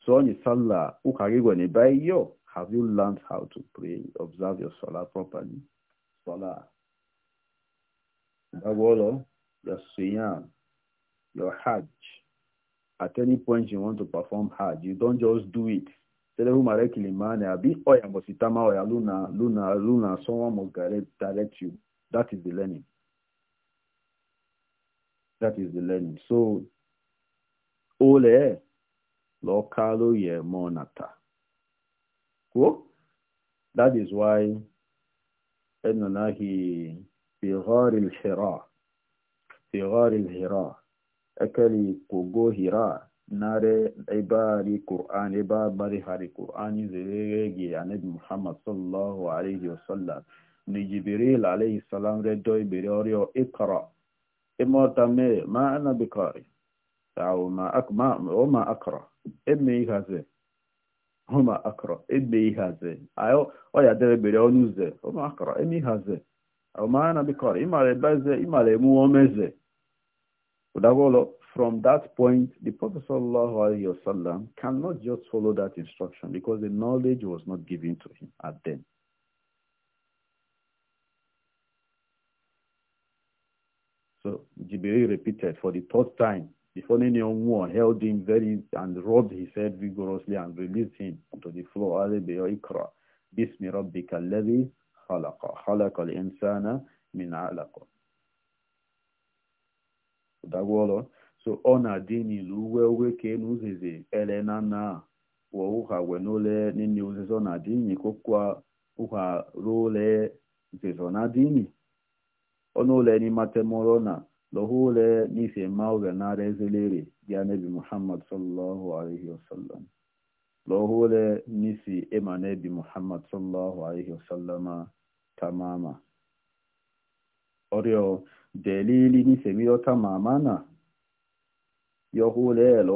So on your salah, ukariwani by yo, have you learned how to pray, observe your salah properly? Salah. That your siyam, your hajj. At any point you want to perform hajj, you don't just do it. Luna, Luna, Luna, someone must direct you. That is the learning. That is the learning. So, ole lokalo kalo ye monata. Cool? That is why enonahi في غار الحراء في غار الهراء أكلي كوغو هراء نار عباري قرآن عباري هاري قرآن زيغي عن يعني محمد صلى الله عليه وسلم نجبريل عليه السلام ردوي بريوريو اقرأ إموتامي ما أنا بقاري أو ما أك ما وما أقرأ إبني هذا هما أقرأ إبني هذا أيو ويا ده بريو نوزة وما أقرأ إبني هذا أو ما أنا بقاري إما لبزة إما لمو ومزة Udawolo, from that point, the Prophet wasallam cannot just follow that instruction because the knowledge was not given to him at then. So Jibreel repeated for the third time before Nenionwo held him very and rubbed his head vigorously and released him to the floor. Bismi rabbika alladhi khalaqa khalaqa al-insana min alaqa. dagwọrọ so ọ na-adị n'ilu uwe uwe ka enu uzizi ele na na wọ ụha wee n'ole nini uzizi na-adị inyi kokwa ụha ruo ole uzizi ọ na-adị inyi ọnụ ole n'imatemụrọ na lọhụ ole n'ife ma oge nara ezelere ya nebi muhammad sallallahu alaihi wasallam lọhụ ole n'isi ema nebi muhammad sallallahu alaihi wasallam tamama ọrịọ delili nisemiyota mamana ọ na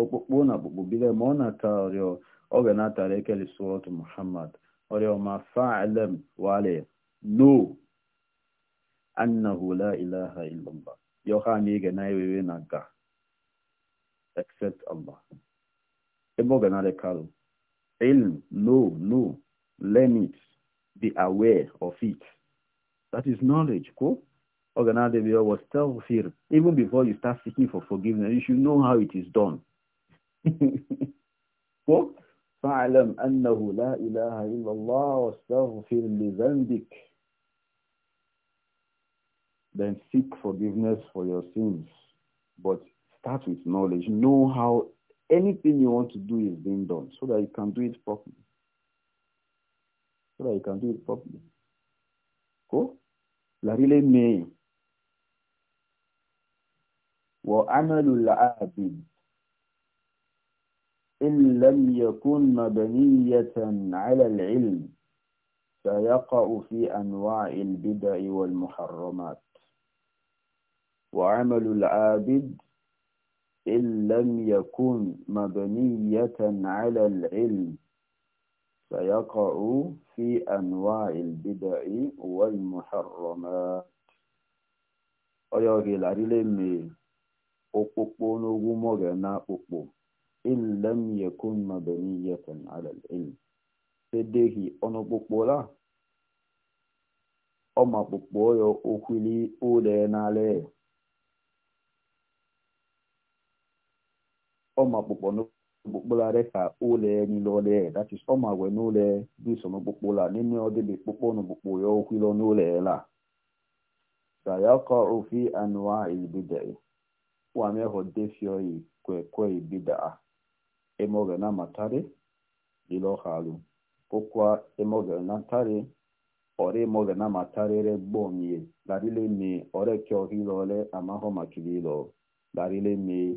okpokpona bubile monata orio ogenata rekeli surat muhammad orio ma fa'lam wale no annahu la ilaha illallah yohani gena wewe na ga except allah ebo gena kalo ilm no no learn it be aware of it That is knowledge. Cool? Even before you start seeking for forgiveness, you should know how it is done. فاعلم أنه لا إله إلا الله واستغفر لذنبك Then seek forgiveness for your sins. But start with knowledge. Know how anything you want to do is being done so that you can do it properly. So that you can do it properly. ko larile mee wa amalu al-abid إن لم يكن مبنية على العلم سيقع في أنواع البدع والمحرمات وعمل العابد إن لم يكن مبنية على العلم سيقع في أنواع البدع والمحرمات أيوغي لاريلمي أقوكو نوغو مغانا إن لم يكن مبنية على العلم فديه أنا بقولا أما بقولا أخلي أولينا ليه أما بقولا okpukpolare ka ụlọ enile ole that is ọma wee n'ụlọ biso n'okpukpola n'ime ọdịbe kpụkpọ n'okpukpo ya okwilo n'ụlọ ela sayakọ ofi anụa ibida wameho defioyi kwekwe ibida emogena matari ilohalu kokwa na tari e ore gbomie ore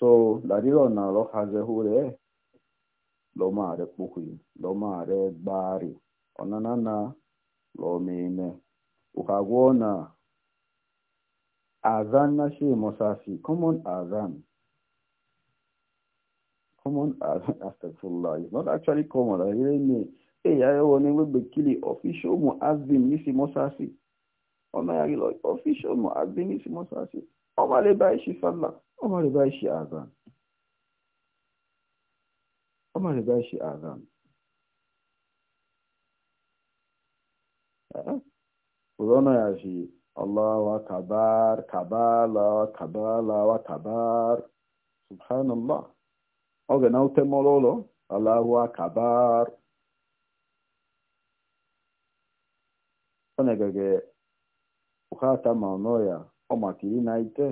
so larilo na lo haze hure lo mare puhi lo mare bari onana na lo mine ukagwona azan na shi mosasi common azan common azan astagfirullah it's not actually common i really mean hey ayo woni we be mu official muazzin nisi mosasi ọmọ yàrá ìlọ official muazzin nisi musafi ọmọ lè bá ẹ ṣe sálà. Umar ba shi azan. Umar ba shi azan. Uzona ya shi Allah wa kabar, kabala, kabala wa kabar. Subhanallah. Oge na ute mololo, Allah wa kabar. Onegege, ukata maonoya, omakiri na ite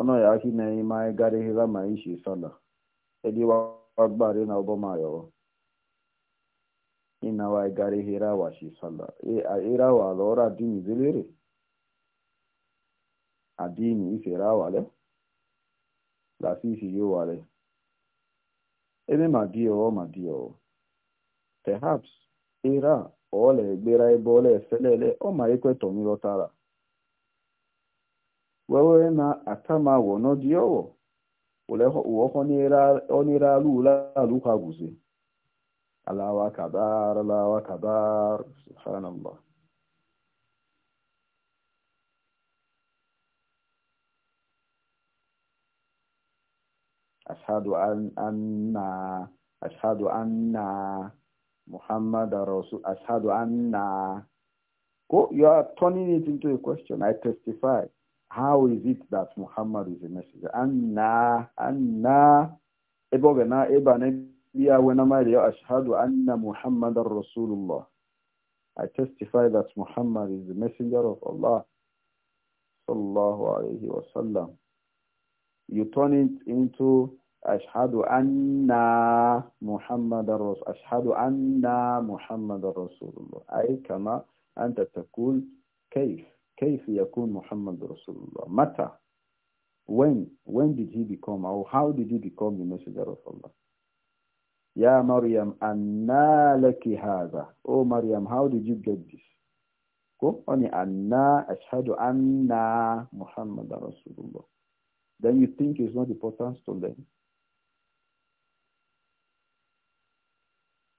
ọnụ ya ahị na-enye e ma anyị gara edi ma anyị shi sala ediwagbari na ọbọmayọrọ inawa e gara ihira wa shi sala irawa e, lọrọ adini zelere adini ifere awale lasi isi yóò wale ebe ma di ọ ma di ọ perhaps ira ọ la egbera ebe ọ la eselele ọ ma ekwetọ mmiri ọ wewe na atamawo no diowo ole uoho onira lula luka guze alawa kabar alawa kabar subhanallah أشهد أن أشهد أن محمد رسول أشهد أن Go, you are turning it into a question. I testify how is it that Muhammad is a messenger? Anna, Anna, Ebogana, Ebane, Bia, Wenamaria, Ashhadu, Anna Muhammad Rasulullah. I testify that Muhammad is the messenger of Allah. Sallallahu alayhi wasallam. You turn it into Ashhadu Anna Muhammad Rasul. Ashhadu Anna Muhammad Rasulullah. Aikama Anta Takul تقول كيف يكون محمد رسول الله متى when when did he become or how did he become the messenger of Allah يا مريم أنا لك هذا oh مريم how did you get this go on أنا أشهد أن محمد رسول الله then you think it's not important to learn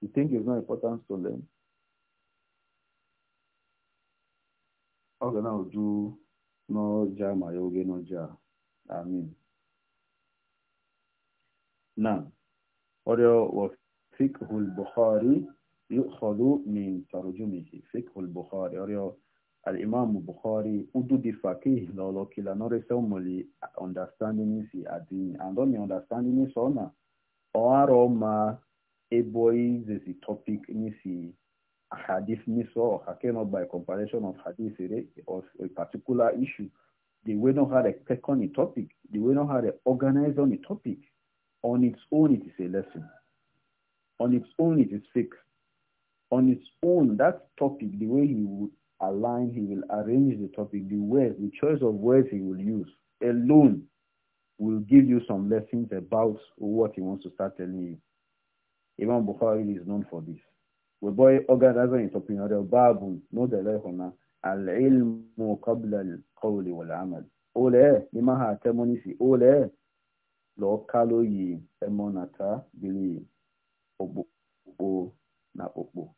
you think it's not important to learn oge na uju n'ọja ma ya oge n'ọja amin na ọrịa wa fikhul bukhari yukhadu min tarjumihi fikhul bukhari ọrịa al-imam bukhari udu di fakih lọlọ kila nọrọ ise ụmụli understanding si adini and ọ mi understanding so na ọ arọ ma ebo izesi topic nisi hadith misor or came up by compilation of hadith of a particular issue. They will not have a second on the topic. They will not have a organized on the topic. On its own, it is a lesson. On its own, it is fixed. On its own, that topic, the way he would align, he will arrange the topic, the words, the choice of words he will use alone will give you some lessons about what he wants to start telling you. Imam Bukhari is known for this. weboy oganazo intopinyore babu nodelehona alilmu qabla alqawli walamal ole nimaha atemonisi ole lokaloyi emonata bili obupo na opo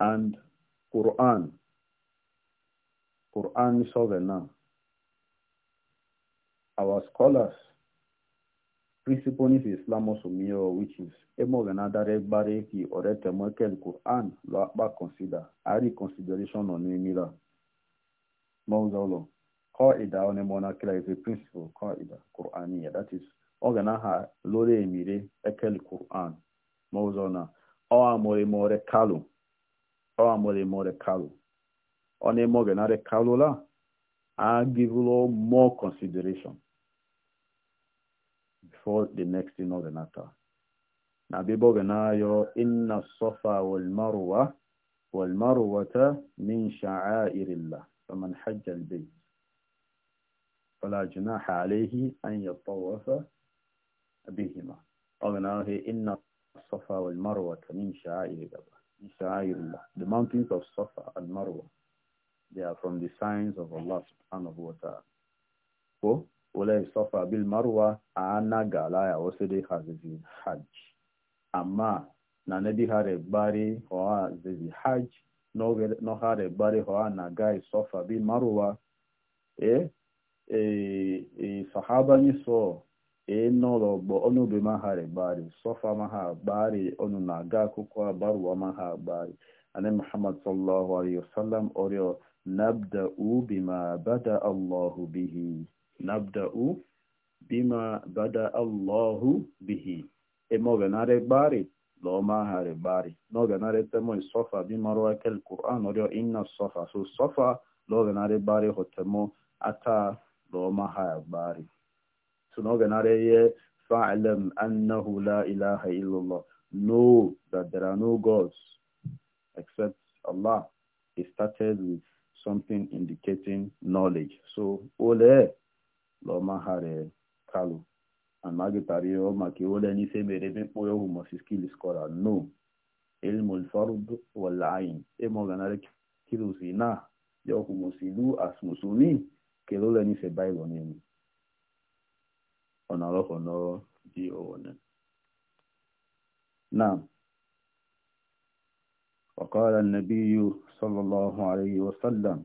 and quran quran sovena our scholars principle is islam osumio which is emoganadare gbareki oretemokel quran lo akpa consider ari consideration on emila mozolo qaida on na kila is a principle qaida quraniya that is oganaha lore emire ekel quran mozona o amore more kalu o amore more kalu on emoganare kalula i give more consideration before the next thing of the matter. Na Bible genayo inna safa wal marwa wal marwata min sha'airillah faman hajja al bayt fala junaha alayhi an yatawafa bihima. Oganahe inna safa wal marwata min sha'airillah. The mountains of Safa and Marwa they are from the signs of Allah subhanahu wa ta'ala. ole sofa bil marwa na ala ya osede hazizi hajj amma na nebi hare gbari hoa zizi hajj no hare gbari hoa naga sofa bil marwa e e, e sahaba ni so e nọrọ gbo onu be ma hare gbari sofa ma ha gbari onu naga akwụkwọ barwa ma ha gbari ane muhammad sallallahu alaihi wasallam orio nabda'u bima bada allahu bihi نبدأ بما بدأ الله به emogenare bari loma hare bari nogenare temo isofa bimaro akel Qur'an orio inna sofa so sofa logenare bari hotemo ata loma hare bari so nogenare ye أنه لا إله إلا الله know that there are no gods except Allah. He started with something indicating knowledge. So, ole lọ́ọ́mà ha rẹ̀ kálù àmàgì tàbí ọmọ kí ó lẹ́ni ṣe mèrè bí pọ́ yóò mọ̀ sí skill scorer no ilmu alfarud wàlá ayin ẹ mọ̀ gánà rẹ̀ kírù sí náà yóò kù mọ̀ sí ìlú àsùnmùsùnmí kí ló lẹ́ni ṣe báyìí wọ̀nyí ni ọ̀nà ọlọ́kọ̀ náà di ọ̀wọ̀ náà. náà وقال النبي صلى الله عليه وسلم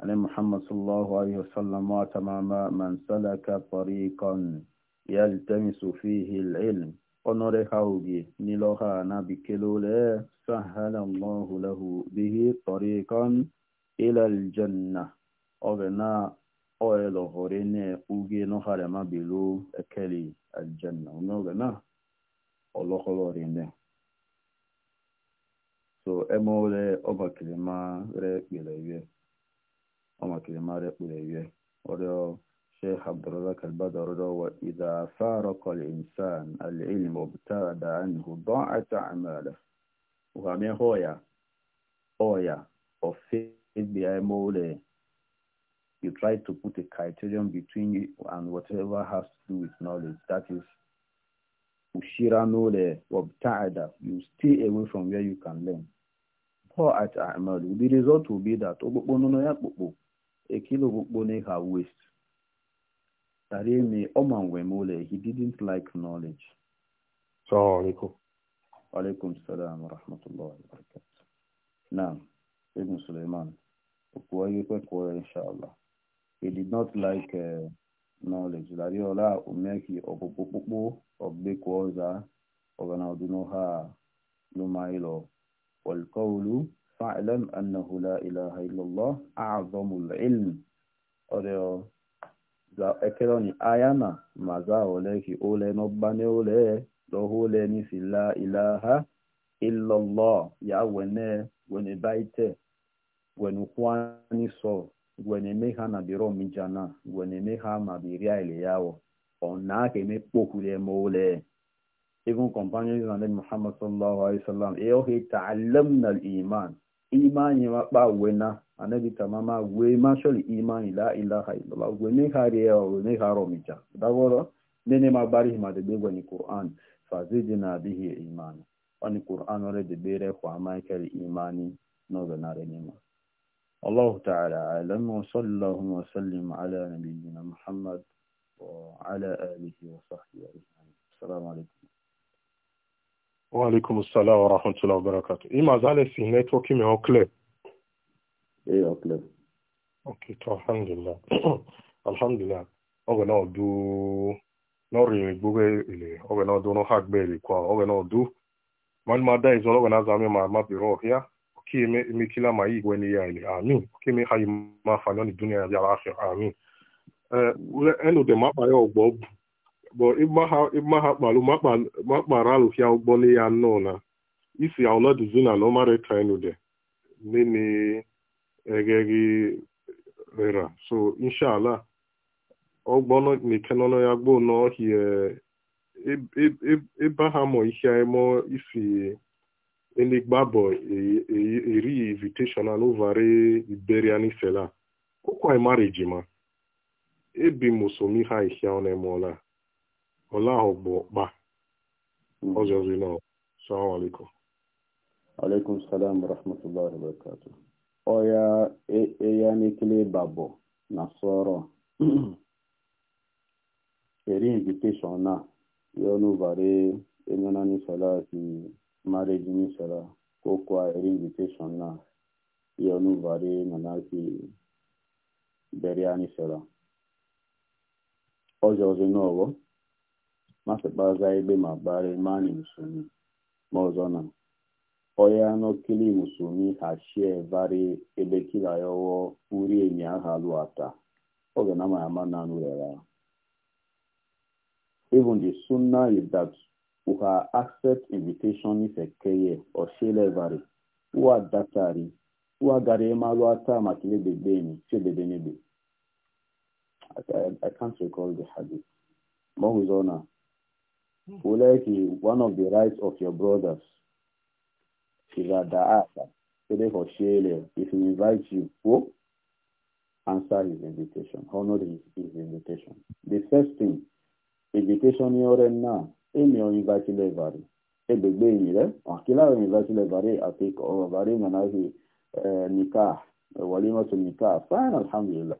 عن محمد صلى الله عليه وسلم وتماما من سلك طريقا يلتمس فيه العلم onore haugi niloha na bikelule sahala allahu lahu bihi tariqan ila aljanna ogena oelo horene ugi no harema bilu ekeli aljanna unogena oloholorine so emole obakilima re bilewe وما كلمة رقل وريو شيخ عبد الرزاق البدر وإذا فارق الإنسان العلم وابتعد عنه ضاعت أعماله وهم هويا هويا وفيد بأموله You try to put a criterion between you and whatever has to do with knowledge. That is, ushira nole wabtaada. You stay away from where you can learn. Poor at amal. The result will be that ekilo bukbone her waist. Tareme Oman Wemole, he didn't like knowledge. Salaam alaikum. Alaikum salam wa rahmatullahi wa barakatuh. Now, Ibn Sulaiman, inshallah. He did not like uh, knowledge. Dariola umeki opopopopo obekwoza ogana odinoha lumailo والقول فاعلم أنه لا إله إلا الله أعظم العلم أريو za ekero ni ayana ma za ole ki ole no bane ole lo ole ni si la ilaha illa allah ya wene wene baite wene kwani so wene meha na biro mijana wene meha ma biria ile yawo ona ke me pokule mo ole even companions of Muhammad sallallahu alaihi wasallam e o he ta'allamna al-iman imani makpa wena anabi tamama we masholi imani la ilaha illallah we ne hari ya we ne haro mija dagoro nene mabari ma de bego ni Qur'an fazidina bihi imani wani Qur'an ore de bere kwa michael imani no ganare nima الله تعالى أعلم وصلى اللهم وسلم على نبينا محمد وعلى آله وصحبه أجمعين السلام عليكم Wa alaikum salaam wa rahmatullahi wa barakatuh. Ima zale si network ime okle. E okle. Ok, to alhamdulillah. alhamdulillah. Oge na odu n'ọrịa igbogo ile oge na odu n'ọha gbere kwa oge na odu man ma da izolo na zame ma ma biro ya oke eme emekila ma igwe ni ya ile amin oke eme ha ma fa ni dunia ya akhir amin eh ule enu de ma pa ya ogbo bo imaha kpalu makpara alụhịa ụgbọ ya nnọọ na isi aulọdizi na nomare trinude nini egegi rera so inshallah ọgbọnọ nikenọnọ ya gboo n'ọhịa ebe ha mọ ihe mọ isi enigbabọ e, e, e, eri invitation anụvari iberianisela ụkwa imariji ejima ebi musomi ha ihe ọ na-emeola ole ahụ bụ ụkpa hmm. ọzọzila salamaleykum alaikum salam rahmatullahi wabarakatu ọya eya e n'ekele babọ na sọrọ eri invitation a ya ọnụbara enyena n'isala n'isala kokwa eri invitation na ya ọnụbara nanaki beria n'isala ọjọzi n'ọwọ masekpaza ebe ma gbara mani musulmi ma ọzọ na ọya n'okili musulmi hachie vari ebe kila ya ọwọ uri enyi aha lụ ata oge na amaghị ama na nurera even the sunna is that uha accept invitation ifekeye oshile vari uwa datari uwa gara eme alụ ata maka ilebebe enyi chebebe n'ebe I, I, I can't recall the hadith. Mohuzona Uleki, one of the rights of your brothers is at the altar. for Shelia, if he invites you, go answer his invitation, honor his, his invitation. The first thing, invitation you're now, in your invite level. Ebegbe yin rẹ, àkílá rẹ̀ invite level àti ọ̀rọ̀ bàrí mọ̀nà ṣe nìkà, wọlé mọ́tò nìkà, fine alhamdulillah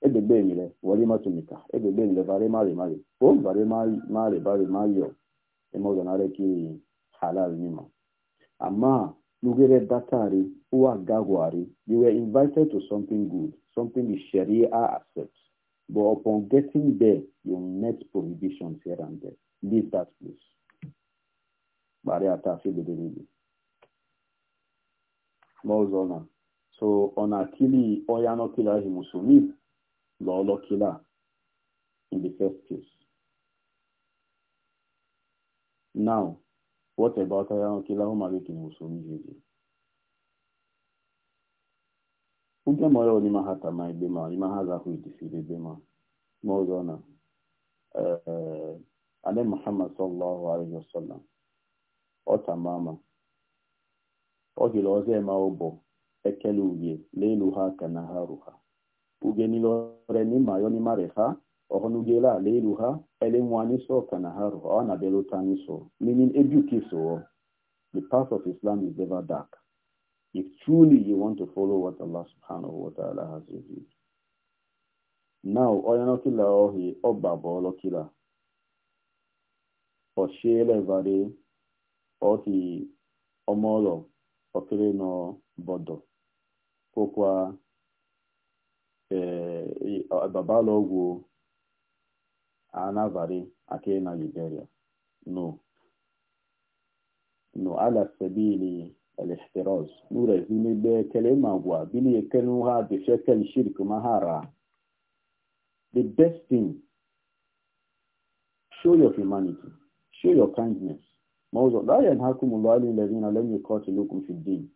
egbegbe nyere wari matumika egbegbe nyere vare mari mari o vare mari bari mayo emoganare ki halal nima ama lugere datari uwa gagwari you were invited to something good something the sharia accepts but upon getting there you met prohibitions here and there leave that place gbari ata fi gbedegbe ma ọzọ na so ọ na-akili ọya nọkila ahụ lawlor killer in the first place. Now, what about Ayano killer who married in Usumi Jiji? Uge moyo ni mahata ma ibema, ni mahaza hu itifiri ma Mozo na. Ane eh, Muhammad sallallahu ọ wa ma. ọ mama. Ogilo oze ma obo. Ekele uye. Leilu na ha ugenilore nimayo nimareha ohonugela leluha elemwaniso kanaharu oanabelotaniso meaning edukiso the path of islam is never dark if truly you want to follow what allah subhanahu wa ta'ala has revealed now oyanokila o obaba olokila oshielevare ohi omolo okere no bodo kokwa Eh, eh, baba lọ wo anavari ake na nigeria no no ala sabili الاحتراز نور زمي بكلمة هو بني كانوها بشكل شرك مهارة the best thing show your humanity show your kindness موضوع لا ينهاكم الله الذين لم يقاتلوكم في الدين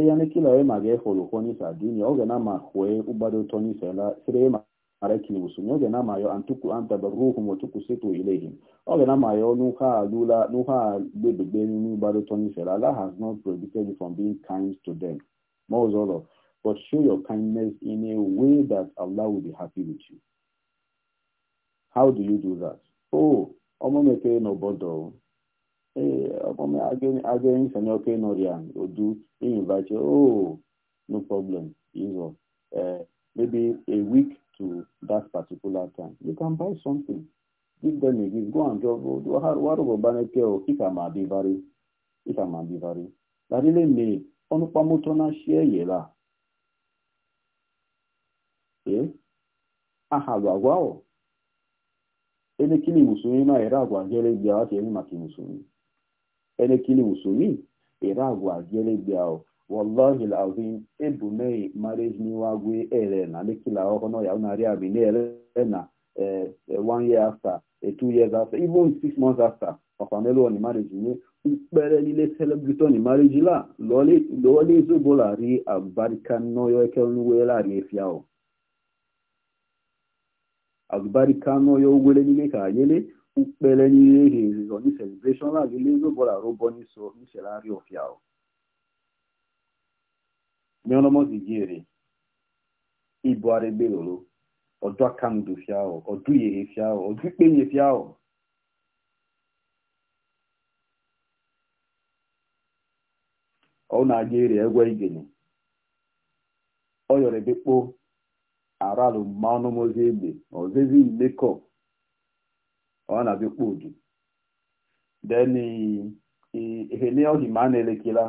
eyanikila e emaga e efolokwo nisadinia oge namakhwe ubado tonisela sirema arekili ni oge namayo antuku antabaruhum watukusitu ilayhim oge namayo nuhalula nuhagbedegberu n'ubado tonisela allah has not prohibited you from being kind to them more but show your kindness in a way that allah will be happy with you how do you do that oh ọmọ mekere n'obodo hey, upon again, again, and okay, Norian, or invite Oh, no problem, you eh, maybe a week to that particular time. You can buy something, give them a gift, go and drop. What about Banekeo? If I'm if I'm a divari, that really agwa elekili usumi iragwa gelegbia wallahi alazim ebumei marriage ni wagwe ere na lekila ọkọ náà yàrá nàrí àmì ní ere na one year after two years after even six months after ọ̀pàmẹ́lú ọ̀nì marriage ni pẹ̀rẹ̀ nílé celebrate ọ̀nì marriage la lọ́ọ́lé ìzóbó láàrí àbáríkà náà yọ ẹkẹ́ olúwẹ́ láàrin efi àwọ̀ àbáríkà náà yọ nílé kàáyélé pẹ́lẹ́ nihe ihe ìrìnà n'i celebration láàrin lẹ́yìn bọ́lá rọ́bọ́ ní sọ níṣẹ́ láàrin ọ̀fíà ọdụ ọ na-aga ere egwe igene ọ yọrọ ebekpo aralụ mmanụ egbe na ozizi ọ na-abịa kpọ ogi then ehele ọhị ma a na-elekere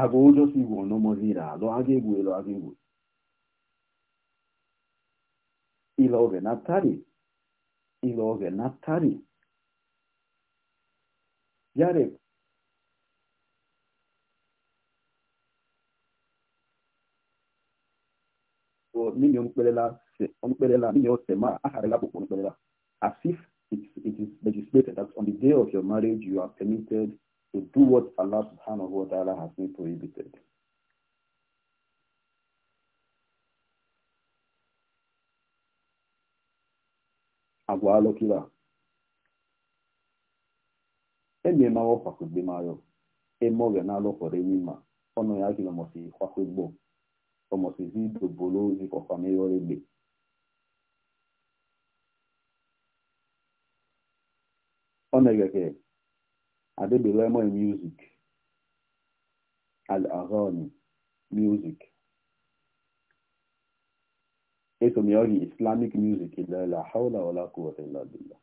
agụ ụjọ si igwe ọnụmozira alụ aga egwu elu aga egwu ile oge na tari ile oge na tari yare o mini omukperela omukperela mini ose ma aharela kpụkpọ omukperela as if it's, it is legislated that on the day of your marriage you are permitted to do what Allah subhanahu wa ta'ala has been prohibited. agwa alọkịla emiema ọkwakwugbemayo eme oge na-alụkọrọ enyi ma ọnụ ya gịla mọsi kwakwu gbo ọmọsizi dobolo zikwakwameghọrọ egbe onegeke adebelemo music al-azani music esomiori islamic music la hawla wala quwwata illa billah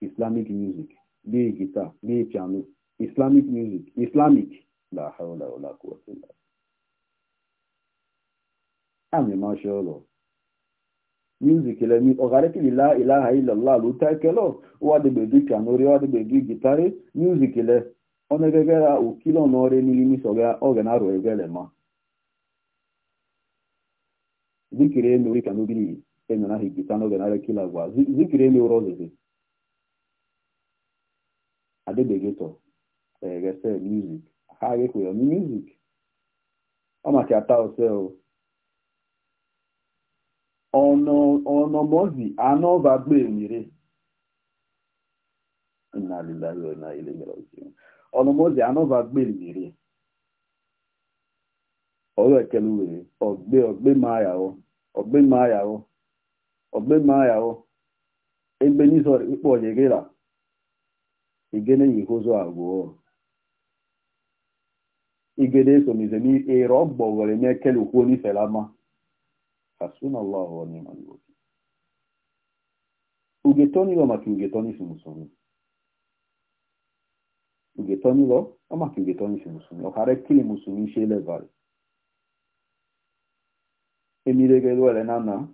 islamic music bi guitar bi piano islamic music islamic la hawla wala quwwata illa billah ami ma sha Allah music lẹ́mi ọ̀gárékìlì lá ìláhà ló tẹ́kẹ́lọ́ wà dẹ̀gbẹ̀dú kìánórí wà gìtárì music ọ̀nẹ́gẹ́gẹ́ ra òkìlọ̀ náà rẹ nílí ní sọ̀gá ẹgbẹ́ lẹ̀ mọ́. zikiri emi zikiri emi se music ha music ma ata ọ̀sẹ̀ o. ọ̀nọ̀mọ́zì anọ́bàgbé mire nnalilari na ilemere ọjọ́ ọ̀nọ̀mọ́zì ọrụ mire ọ̀rọ̀ ẹ̀kẹ́lú wèrè ọ̀gbẹ́ ọ̀gbẹ́ egbe ní sọ̀rọ̀ pípọ̀ ọ̀yẹ̀gẹ́rà ìgẹ́nẹ́ yìí kó hasbunallahu wa ni'mal wakil ugetonigo maka ugetoni si musulmi ugetonigo amaka ugetoni si musulmi ọhara kili musulmi ṣe lẹbàrẹ emirego elenana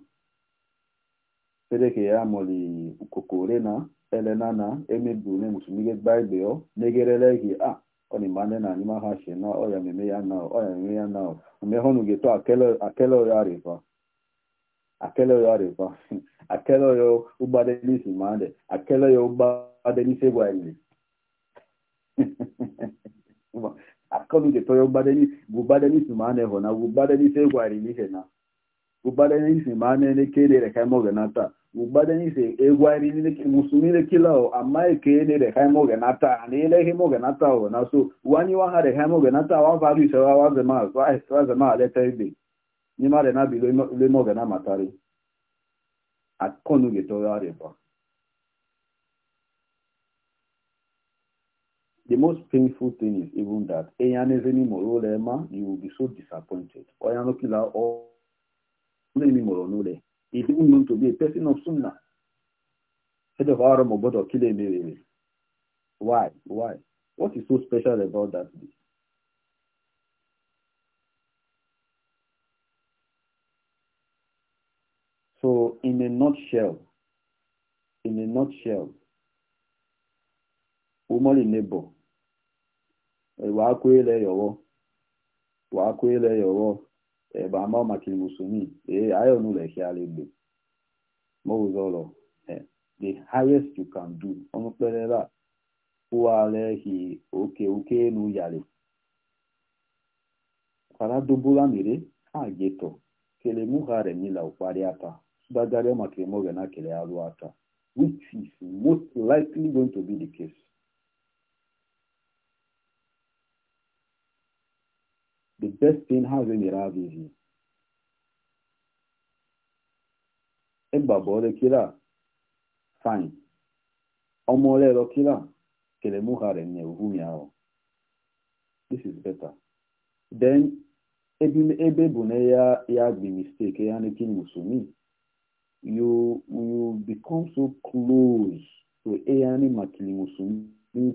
sereke ya mọli ukokore na elenana emebu ne musulmi ge gba egbe ọ negerelegi ah ọ ni ma nena ni ma ha ṣe na ọya meme ya na ọya meme ya na ọ mgbe ha nu geto akele ọya rịfa akeleo arịva akeleo ụgbadelisi mande akeleo ụgbadelisi gwaili akọlugetoya ụgbadelisi gbubadelisi mane hụ na gbubadelisi egwarili na gbubadelisi mane nekele rekaimoge na taa gbubadelisi egwarili musumilekila amaghị ka ene rekaimoge na taa na na taa na so ha na taa n'ime arịa na-abịa ile n'oge na-amatarị akọnụ ga-etowe arịa ba the most painful thing is even that eya n'eze n'imoro ụlọ ema you will be so disappointed oya n'okila ọnụ emimoro n'ụlọ it even be a of sunna edofa arụ ma obodo kila emerere why why what is so special about that So in a nutshell, in a nutshell, ụmụrị nebo ewe eh, akụ ele yọwọ wee akụ ele yọwọ ebe eh, ama maka musulmi ee eh, ayọ n'ụlọ ehiala igbe maụzọrọ the highest you can do ọnụkperere a ihe oke oke elu yari kwara dobula mere ha geto kele mugharemila ụkwarị ata Dagare Makemoge Nakele Aluata, which is most likely going to be the case. The best thing has been Ravizi. Ebabore Kira, fine. Omolero Kira, Kelemuhare Neuhumiao. This is better. Then, ebe bụ na ya ya gbe mistake ya n'ike musulmi you will become so close to Eyani Makilimusumi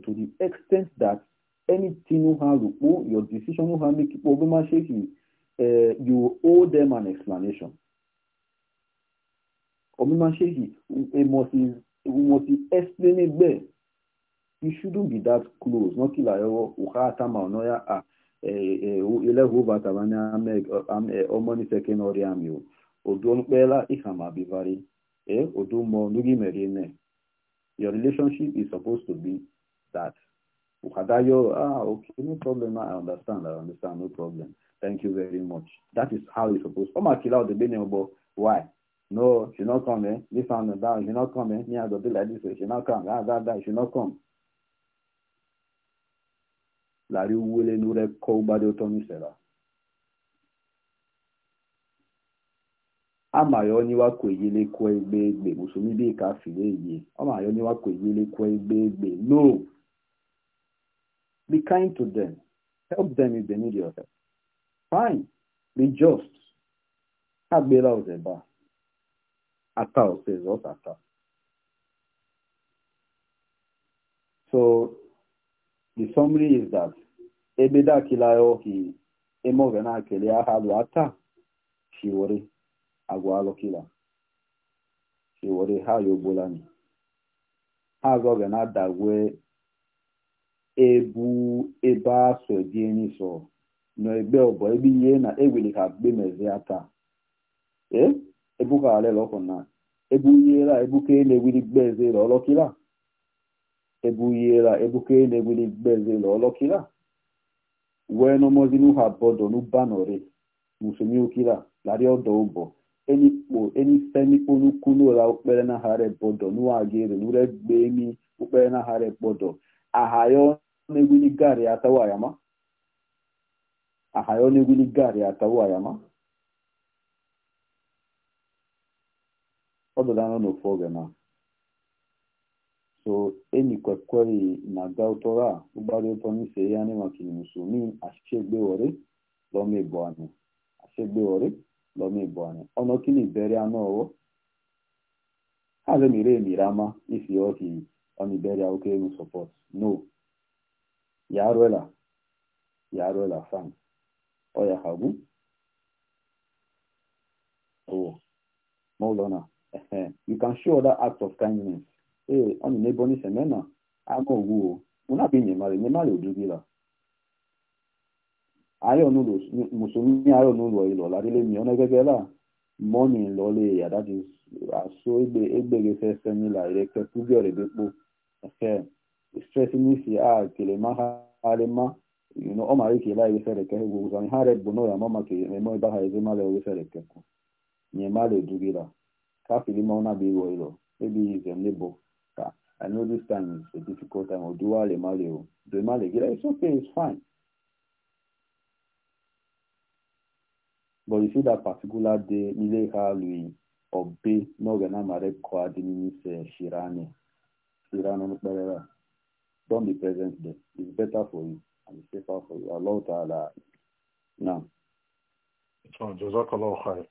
to the extent that anything you have to oh, owe, your decision you have to make, uh, you owe them an explanation. we oh, must explain it there. You shouldn't be that close. Not kila yo uhatama onoya ah eh, eh, ele hova tabanya ame omoni second oriam yo. Oduomkpela Ihamabivari, eh, Odumo Nugi Merine. Your relationship is supposed to be that. Ukadayo, ah, okay, no problem, I understand, I understand, no problem. Thank you very much. That is how it's supposed to be. Why? No, she not coming. Eh? This one and that, she's not coming. Eh? I they'll be like this, eh? She not come. Ah, that, that, She not come. Lari wele nure kou bade otoni sera. amayo ni wakweyele kwa egbe musomi bi kafiri eye amayo ni wakweyele kwa egbe no be kind to them help them if they need your help fine be just agbela ọzọba ata ọsẹzọ ata. so the summary is that ebe dakilayo e na emogana kele ahalu ata shiwori agwa alụkila iwere ha ya ogbolani ha agọghị na adagwe ebu ebe aso dị enyi so nọ ọbọ ebe ihe na egweli ka gbe mezie taa ee eh? ebuka ọkụ na ebuyela ebuke na-egwili gbeze la ọlọkila ebuyela ebuke na-egwili gbeze la ọlọkila wee nọmọzi ha bọdọ n'ụba nọrị musomi okila larịa ọdọ ụbọ enikpo n'ụlọ okpere na n'ụra okpukpere naghara ebodo n'ụwagere n'ure gbe emi okpere na ebodo ahayo negwili gari atawa yama ahayo negwili gari atawa yama ọ dọdara nọ n'ofu oge na so enikwekweri na gautora ụgbara ụtọ n'ise ya n'ịmaka musulmi achịcha egbewore lọmegbu anyị achịcha egbewore lọmọ igbo anyị ọnọkili bere anụ ọwụ ha zemire emire ama ifi ọhi ọniberia oke enu sọpọt no ya arụela ya arụela fan ọya hagbu owo maụlọna you can show other act of kindness ee ọ nọ n'ebe onye semena ama ogwu o mụ na-abịa enyemara enyemara odugila ayọ̀nùlò mùsùlùmí ayọ̀nùlò ìlọ̀lá délé mi ọ̀nà gẹ́gẹ́ là mọ́nì ìlọ́lẹ̀ àdájú àṣọ égbèrè fẹ́fẹ́ nílà ìrẹ́pẹ́ kúbíọ̀ rẹ̀ dépò ẹ̀fẹ́ ìfẹ́sínísì àkèlè má hálẹ́ má ìrìnà ọmọ àríkè láì fẹ́rẹ̀ kẹ́ gbogbo sani hárẹ̀ gbóná rẹ̀ mọ́mà kè mẹ́mọ́ ibà ha ẹgbẹ́ má lẹ́ orí fẹ́rẹ̀ kẹ́kọ̀ọ́ yẹn má lè dúgí la káfíìlì má ọ̀nà bí wọ̀ ìlọ̀ ebi ìzẹ̀m lébọ̀ ká I know this time is a difficult time ọ̀dúwà lè má lè o dè má lè gíra it's okay it's fine But you see that particular day, ile ha lui obe n'oge na amara kọ adị n'ise eh, shirani. Shirani mkperera. Don't be present there. It's better for you and it's safer for you. Allah Ta'ala. Now. Jazakallah khair.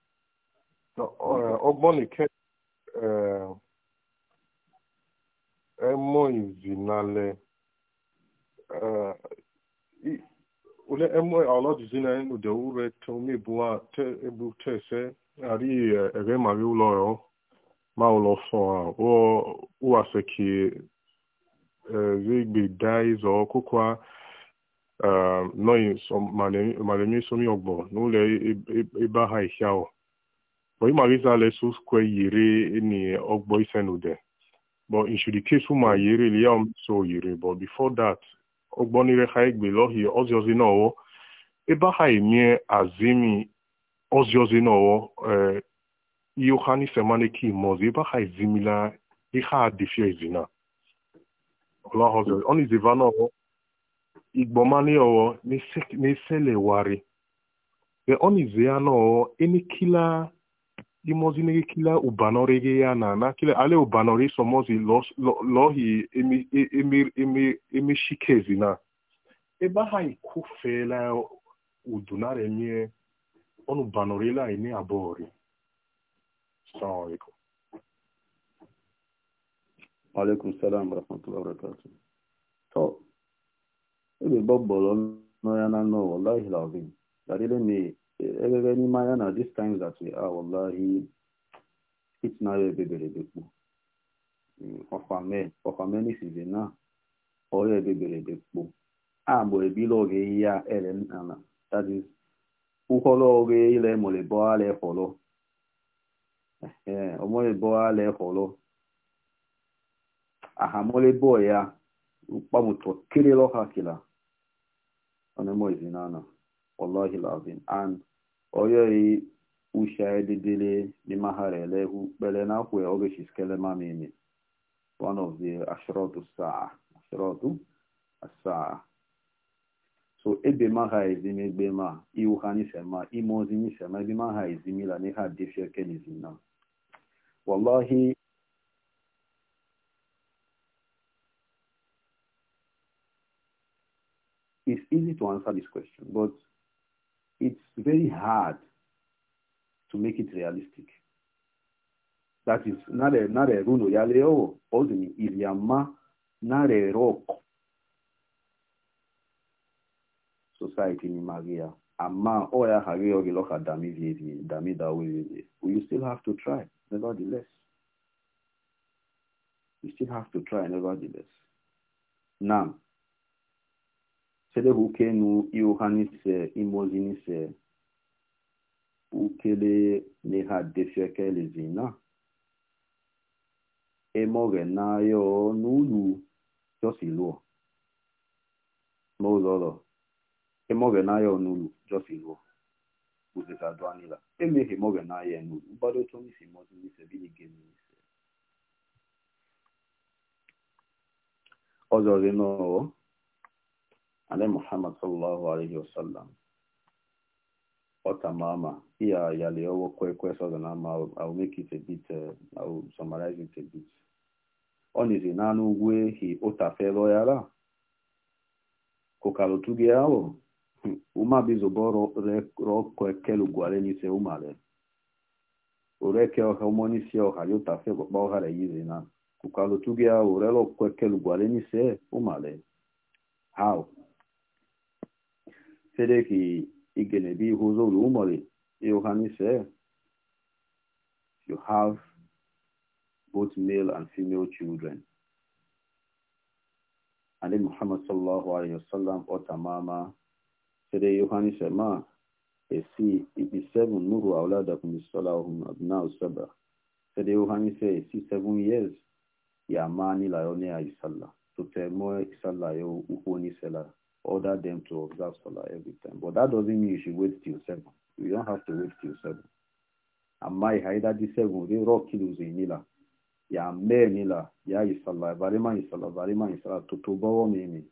Ọgbọ́n eh, nìkẹ́ ẹ eh, mọ ìzìnalẹ̀ ule emo e ala dizina ndo de ure tomi bua te ebu te se ari e, ege ma vi ulo yo ma ulo so a o u ase ki e, zigbi dai zo kukwa noi so malemi so mi ogbo nule iba ha isiao bo ima visa le su kwe yiri ni ogbo ise nude but in should the case uma yiri liyam so yiri but before that ogbonireha egbe lohi oziozi nowo ebe ha emie azimi oziozi nowo eh, yohani semaneki mozi ebe ha ezimila ihe a dịfie ezina ọlọhọzọ ọniziva nowo igbomani owo niselewari ọnizi ya nowo enikila imozi nege kila ubanorege yana na kila ale ubanori somozi lohi lo, lo emi, e, emi, emi, emi shikezi na ebe ha ikufela udunare mie onu banorela ini abori salamu alaikum alaikum salam rahmatullahi wabarakatuh to ebe bobo lo no yana no wallahi lazim dalile ni elele n'ime anya na this time that we are wallahi fitnara ebebere bekpu ọfame ọfameni sizi na ọrịa ebebere bekpu agbo ebilo oge ya ele nana that is ụkọrọ oge ile mọrọ ebo ala efọrọ ọmọrọ ebo ala efọrọ ahamọrọ ebo ya mkpamụtọ kiri ha kila ọnụmọ izinana wallahi lazim and oyoyi ushaididile limaharelehu belenakwe ogeshiskelemamimi one of the ashratu saa ashratu asaa so ebema ha ezimi ma, iwu ha nisema ime ozi nisema ebema ha ezimila na ihe adịfieke n'izina wallahi It's easy to answer this question, but it's very hard to make it realistic. That is nare nare runo yaleo ozini iliama nare rock society ni magia ama oya hagio giloka dami vivi dami dawe you still have to try nevertheless you still have to try nevertheless now sede huke nu iuhanise eh, imozinise eh, ukele neha defieke lezina emoge nayo nulu josiluo n'ụlọlọ emoge nayo nulu josiluo buzezaduanila emeghe emoge nayo nulu mgbado tonisi mozinise binigenise ọzọ dị n'ọrụ ale muhammad sallallahu alaihi wasallam otamama iya yaliowo kwekwe soganama i'll make it a bit uh, i'll summarize it a bit ọ nizi naanị ugwu ehi ụtafelo yara kokalotuge awo umabizobo rokoekelugwarenise umare oreke ọha umonisi ọha yotafe kpọkpa ọhara yizina kokalotuge awo relokoekelugwarenise umare how Fedeki Igenebi Huzolu Umori, e Yohanise, you have both male and female children. And then Muhammad sallallahu alayhi wa sallam or Tamama said, Yohanise ma, esi ibi e seven nuru awladakum isolahum abna'u sabah. Said Yohanise, esi seven years, ya mani layone ayisalla. Tutemoe isalla yo uhunisela. order them to observe solar every time. But that doesn't mean you should wait till 7. You don't have to wait till 7. Amai haida di 7, they rock kilos in Nila. Ya me Nila, ya isala, varima isala, varima isala, tutubawo mimi.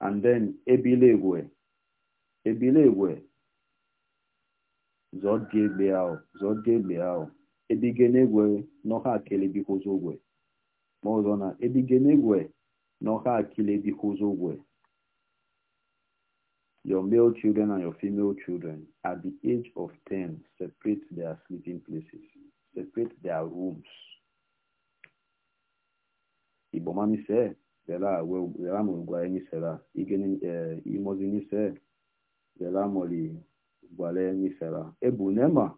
And then, ebilegwe, ebilegwe, zodge beao, zodge beao, ebigenegwe, noha akele bihozogwe. Mozona, ebigenegwe, noha akile bihozogwe. Your male children and your female children at the age of 10 separate their sleeping places, separate their rooms. Igbo mami se, bela bela mo gwa ni sera, igeni imozi ni se, bela moli gwale ni Ebu nema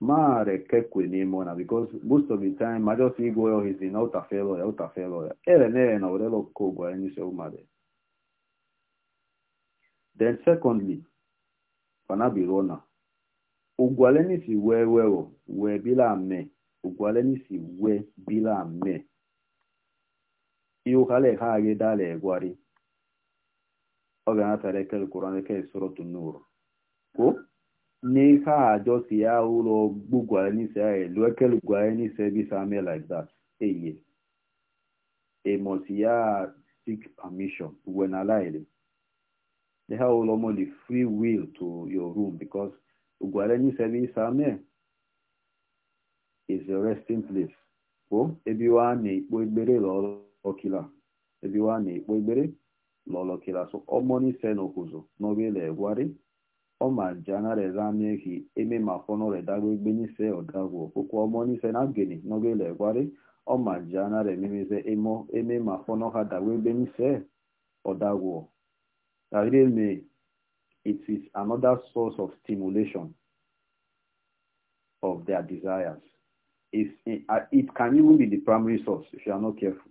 mare kekwe ni mona because most of the time I just see go is in outer fellow, outer fellow. Ele ne na orelo ko gwa ni se Then secondly, fanabirona ugwaleni si wee wewo wee bila me ugwaleni si wee bila me iuhale hage dale egwari oge na tara ekele kuran ekele sorotu nuru ko ni ha ajo si ya ulo gbugwaleni si ya elu ekele gwaleni si ebi same like that eye emosi si ya seek permission uwe na ala ele they have normally free will to your room because Uguareni service ame is a resting place. Oh, ebe wa na-ekpo ekpere lọlọkila. Ebe wa na-ekpo ekpere lọlọkila. So ọmọni se n'okwuzo n'oge ile egwari. Ọma jana reza mehi eme ma fọnọ redago egbe n'ise ọdagwo. Okwu ọmọni se na gini n'oge ile egwari. Ọma jana rememize emo eme ma fọnọ ha dago egbe n'ise ọdagwo. really it is another source of stimulation of their desires. it, uh, it can even be the primary source if you are not careful.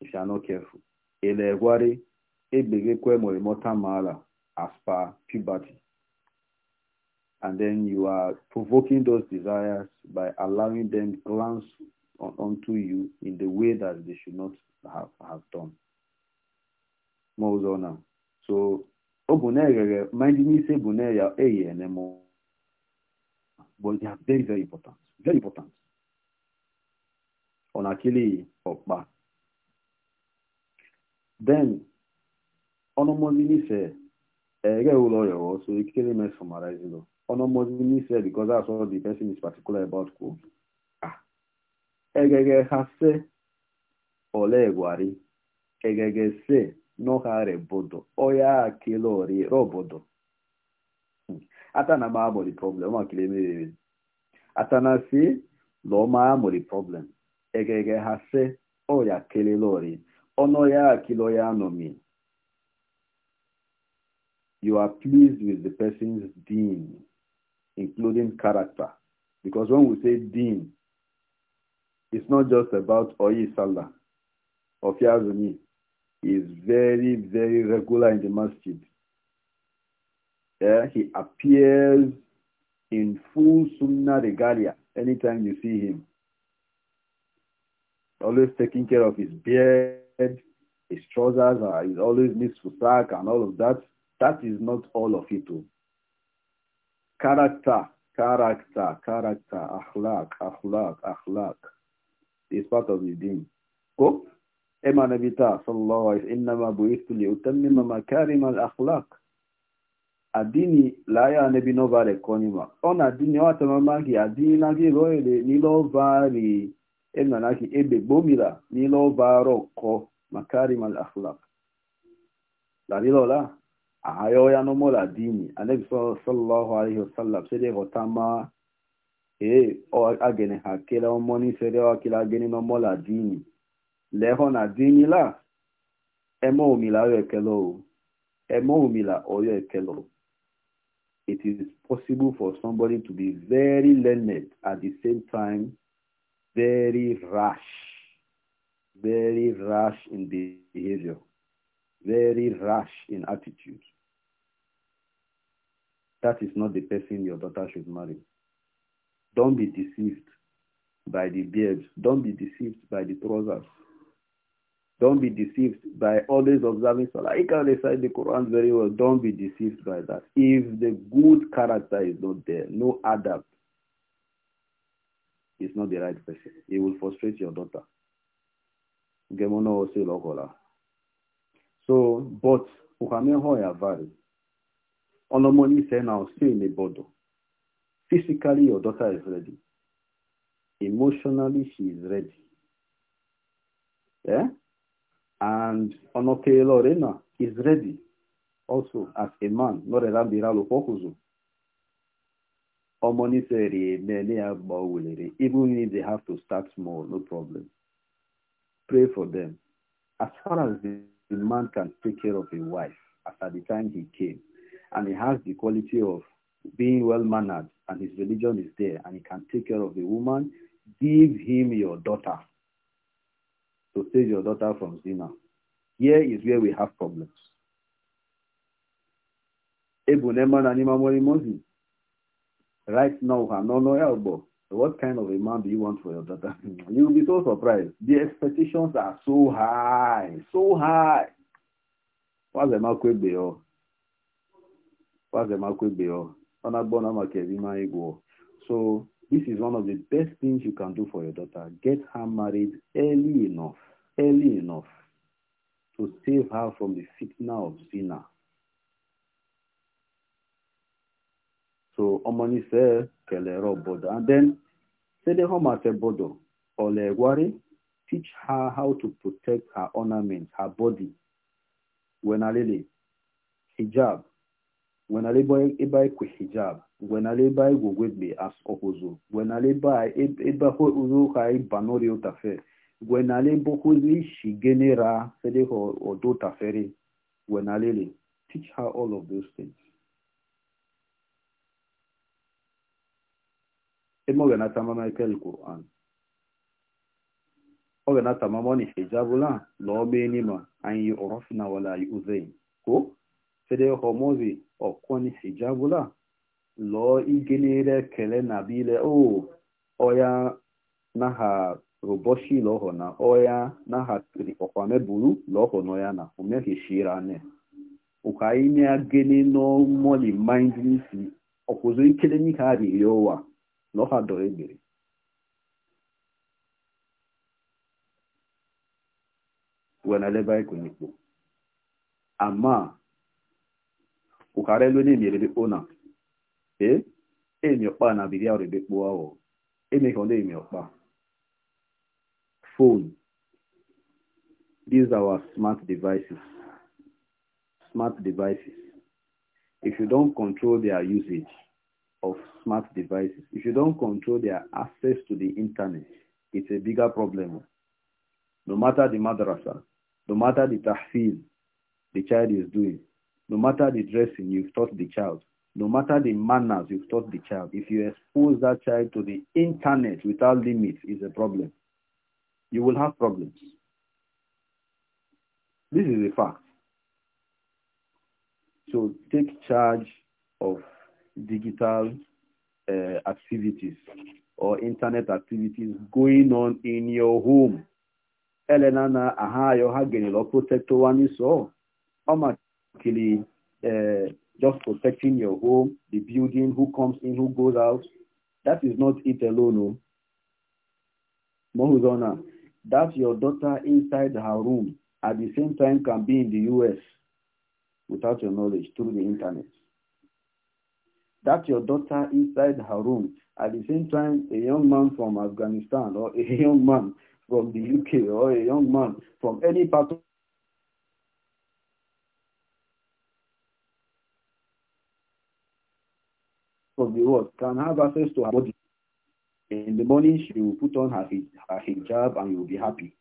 If you are not careful. Elegwari, ebegekwe morimota mara as puberty. And then you are provoking those desires by allowing them glance onto you in the way that they should not have, have done. ma ụzọ na so ọ bụ e na eghere mindị n'ise bụ na ya eyi ene mụ but they very very important very important ọ na-akịlị ọkpa then ọnụmọzi n'ise ere ụlọ yọrọ so ikikere mes fọmaraizilo ọnụmọzi n'ise bikọz asọ the person is particular about code ah ha se ole egwari egege se n'ọhara obodo ọya kelori obodo atana ma amori problem ọ makile merere atana si lọọ ma amori problem egege ha se ọya kelelori ọnọ ya kilo ya nomi you are pleased with the person's deen including character because when we say deen it's not just about oyi sallah ofiazumi is very, very regular in the masjid. Yeah, he appears in full sunnah regalia anytime you see him. Always taking care of his beard, his trousers, uh, he's always needs fusak and all of that. That is not all of it. Too. Character, character, character, akhlaq, akhlaq, akhlaq is part of the deen. Go. إما نبي تا صلى الله عليه وسلم إنما بعثت لأتمم مكارم الأخلاق adini laya nebi no vale konima ona adini wata mamaki adini nagi roele nilo vali emna naki ebe bomila nilo varo ko makarim al akhlaq la nilo la ayo ya no mola adini anabi sallallahu alaihi wasallam sede gotama e o agene hakela omoni sede o akila agene no mola adini ẹmọ́ ẹmọ́ it is possible for somebody to be very learned at the same time very rash very rash in behavior very rash in attitude that is not the person your daughter should marry don't be deceived by the beard don't be deceived by the trousers don't be deceived by always observing Salah. He can recite the Quran very well. Don't be deceived by that. If the good character is not there, no adab, it's not the right person. It will frustrate your daughter. So, but Onomoni say now stay in the bottle. Physically, your daughter is ready. Emotionally, she is ready. Yeah? And Onoke Lorena is ready also as a man. not Lorena Biralo Pokuzu. Omoni Seri, even if they have to start small, no problem. Pray for them. As far as the man can take care of his wife, as at the time he came, and he has the quality of being well mannered and his religion is there and he can take care of the woman, give him your daughter to save your daughter from zina. Here is where we have problems. Right now, no elbow. What kind of a man do you want for your daughter? You'll be so surprised. The expectations are so high, so high. What's the makwebe? What's the makwebe? So this is one of the best things you can do for your daughter. Get her married early enough. early enough to save her from the fitna of sinner. So Omani said, Kelero Bodo. And then Sedehomate Bodo, Olegwari, teach her how to protect her ornaments, her body. When alele, hijab. When aleba ebai kwe hijab. When aleba igwegbe as opozo. When aleba eba ho uzo ka ibanori otafe. gwenale mbokuzi shigenera sedeho odo tafere gwenalele teach her all of those things ema ogana tamama ekele quran ogana tamama ni hijabula lomeni ma anyi orofina wala yuzain ko sedeho mozi okwani hijabula lo igenere kele nabile o oya na ha roboshi loho na ọya na hatri okwame buru loho no ya na umehishirane ukaimea gene no moli mindnisi okuzo ikele nyika ari yowa loha dorebere wenaleba ikunikpo ama ụkara elu na ne mierebe ona e emi ọkpa na arụ ebe kpuo ahụ e emeghị ọ na-emi ọkpa phone, these are our smart devices. Smart devices. If you don't control their usage of smart devices, if you don't control their access to the internet, it's a bigger problem. No matter the madrasa, no matter the tahfil the child is doing, no matter the dressing you've taught the child, no matter the manners you've taught the child, if you expose that child to the internet without limits, is a problem. you will have problems. This is a fact. So take charge of digital uh, activities or internet activities going on in your home. Elena na aha yo ha genelo protect one is all. Omakili uh, just protecting your home, the building, who comes in, who goes out. That is not it alone. No that your daughter inside her room at the same time can be in the U.S. without your knowledge through the internet. That your daughter inside her room at the same time a young man from Afghanistan or a young man from the UK or a young man from any part of the world can have access to her body In the morning, she will put on her, her hijab and you'll be happy.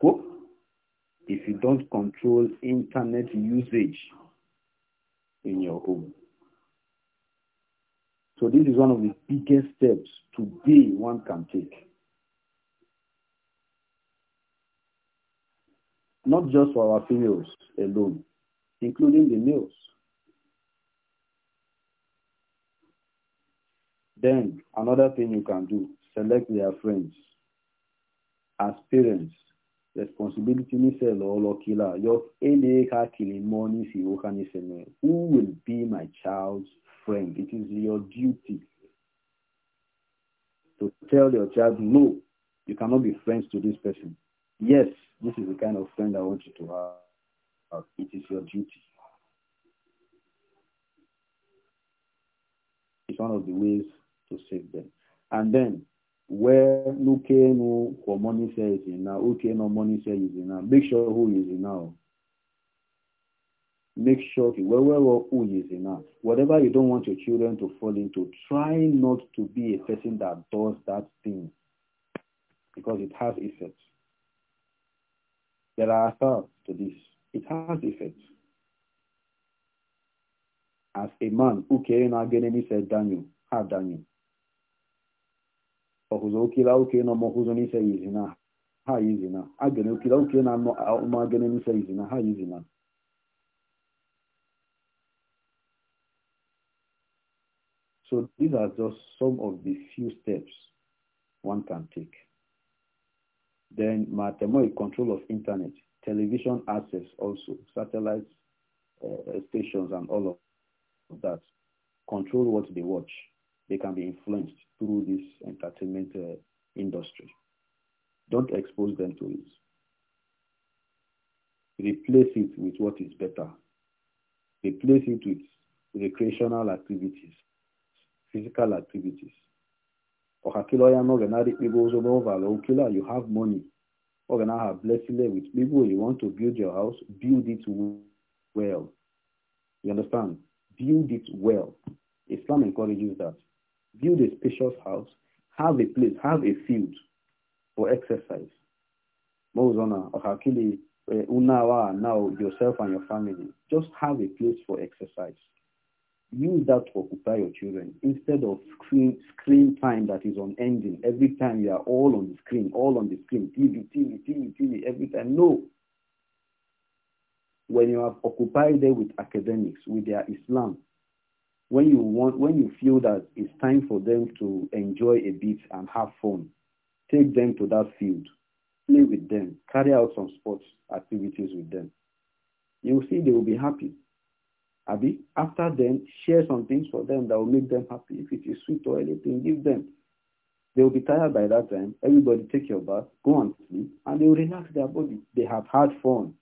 Quote, if you don't control internet usage in your home. So this is one of the biggest steps today one can take. Not just for our females alone, including the males. Then another thing you can do, select their friends. As parents, responsibility ni Who will be my child's friend? It is your duty to tell your child, no, you cannot be friends to this person. Yes, this is the kind of friend I want you to have. It is your duty. It's one of the ways to save them. And then where no no for money says in now, okay no money says in now, make sure who is in now. Make sure where where who is in now. Whatever you don't want your children to fall into, try not to be a person that does that thing. Because it has effects. There are thoughts to this. It has effects. As a man who came again and he said Daniel, have Daniel ọkụzọ okila oke na n'ise izi na ha izi na agene okila oke na n'ise izi na ha izi na so these are just some of the few steps one can take then matemoi control of internet television access also satellite uh, eh, eh, stations and all of that control what they watch they can be influenced through this entertainment uh, industry. Don't expose them to it. Replace it with what is better. Replace it with recreational activities, physical activities. Oh, you have money. We're going you have blessing with people. You want to build your house, build it well. You understand? Build it well. Islam encourages that build a spacious house, have a place, have a field for exercise. Mozona, Ohakili, eh, Unawa, now yourself and your family, just have a place for exercise. Use that to occupy your children instead of screen, screen time that is unending. Every time you are all on the screen, all on the screen, TV, TV, TV, TV, every time. No. When you have occupied them with academics, with their Islam, when you want, when you feel that it's time for them to enjoy a bit and have fun, take them to that field, play with them, carry out some sports activities with them. You will see they will be happy. Abi, after then, share some things for them that will make them happy. If it is sweet or anything, give them. They will be tired by that time. Everybody take your bath, go and sleep, and they will relax their body. They have had fun.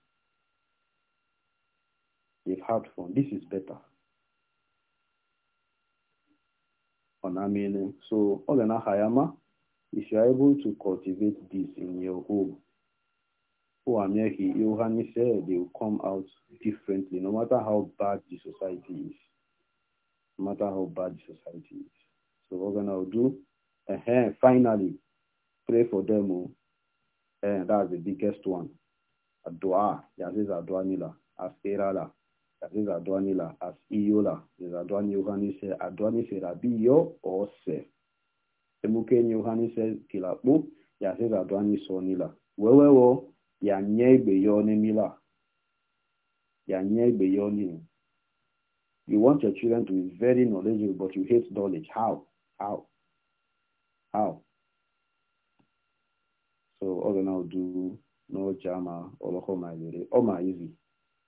They've had fun. This is better. onamine. So Olena Hayama, if you are able to cultivate this in your home, Uamehi, Yohani said they will come out differently, no matter how bad the society is. No matter how bad the society is. So what gonna do? Uh -huh, finally, pray for them. Uh, that's the biggest one. Adua, Yazis Adua Nila, Askerala aziz adwani la as iyo e la aziz adwani yohani se adwani se rabi yo ose emukeni yohani se kilakpo ya aziz adwani so ni la wewewo ya nye egbe yo n'imi la ya nye egbe yo n'imi You want your children to be very knowledgeable, but you hate knowledge. How? How? How? So, all now do no jama, all of my, all my easy.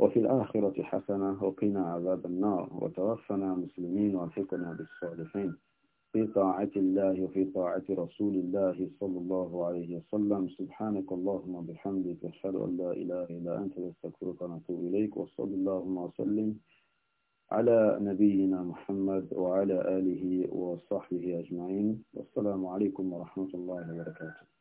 وفي الآخرة حسنة وقنا عذاب النار وتوفنا مسلمين وفقنا بالصالحين في طاعة الله وفي طاعة رسول الله صلى الله عليه وسلم سبحانك اللهم وبحمدك أشهد أن لا إله إلا أنت أستغفرك ونتوب إليك وصلى اللهم وسلم على نبينا محمد وعلى آله وصحبه أجمعين والسلام عليكم ورحمة الله وبركاته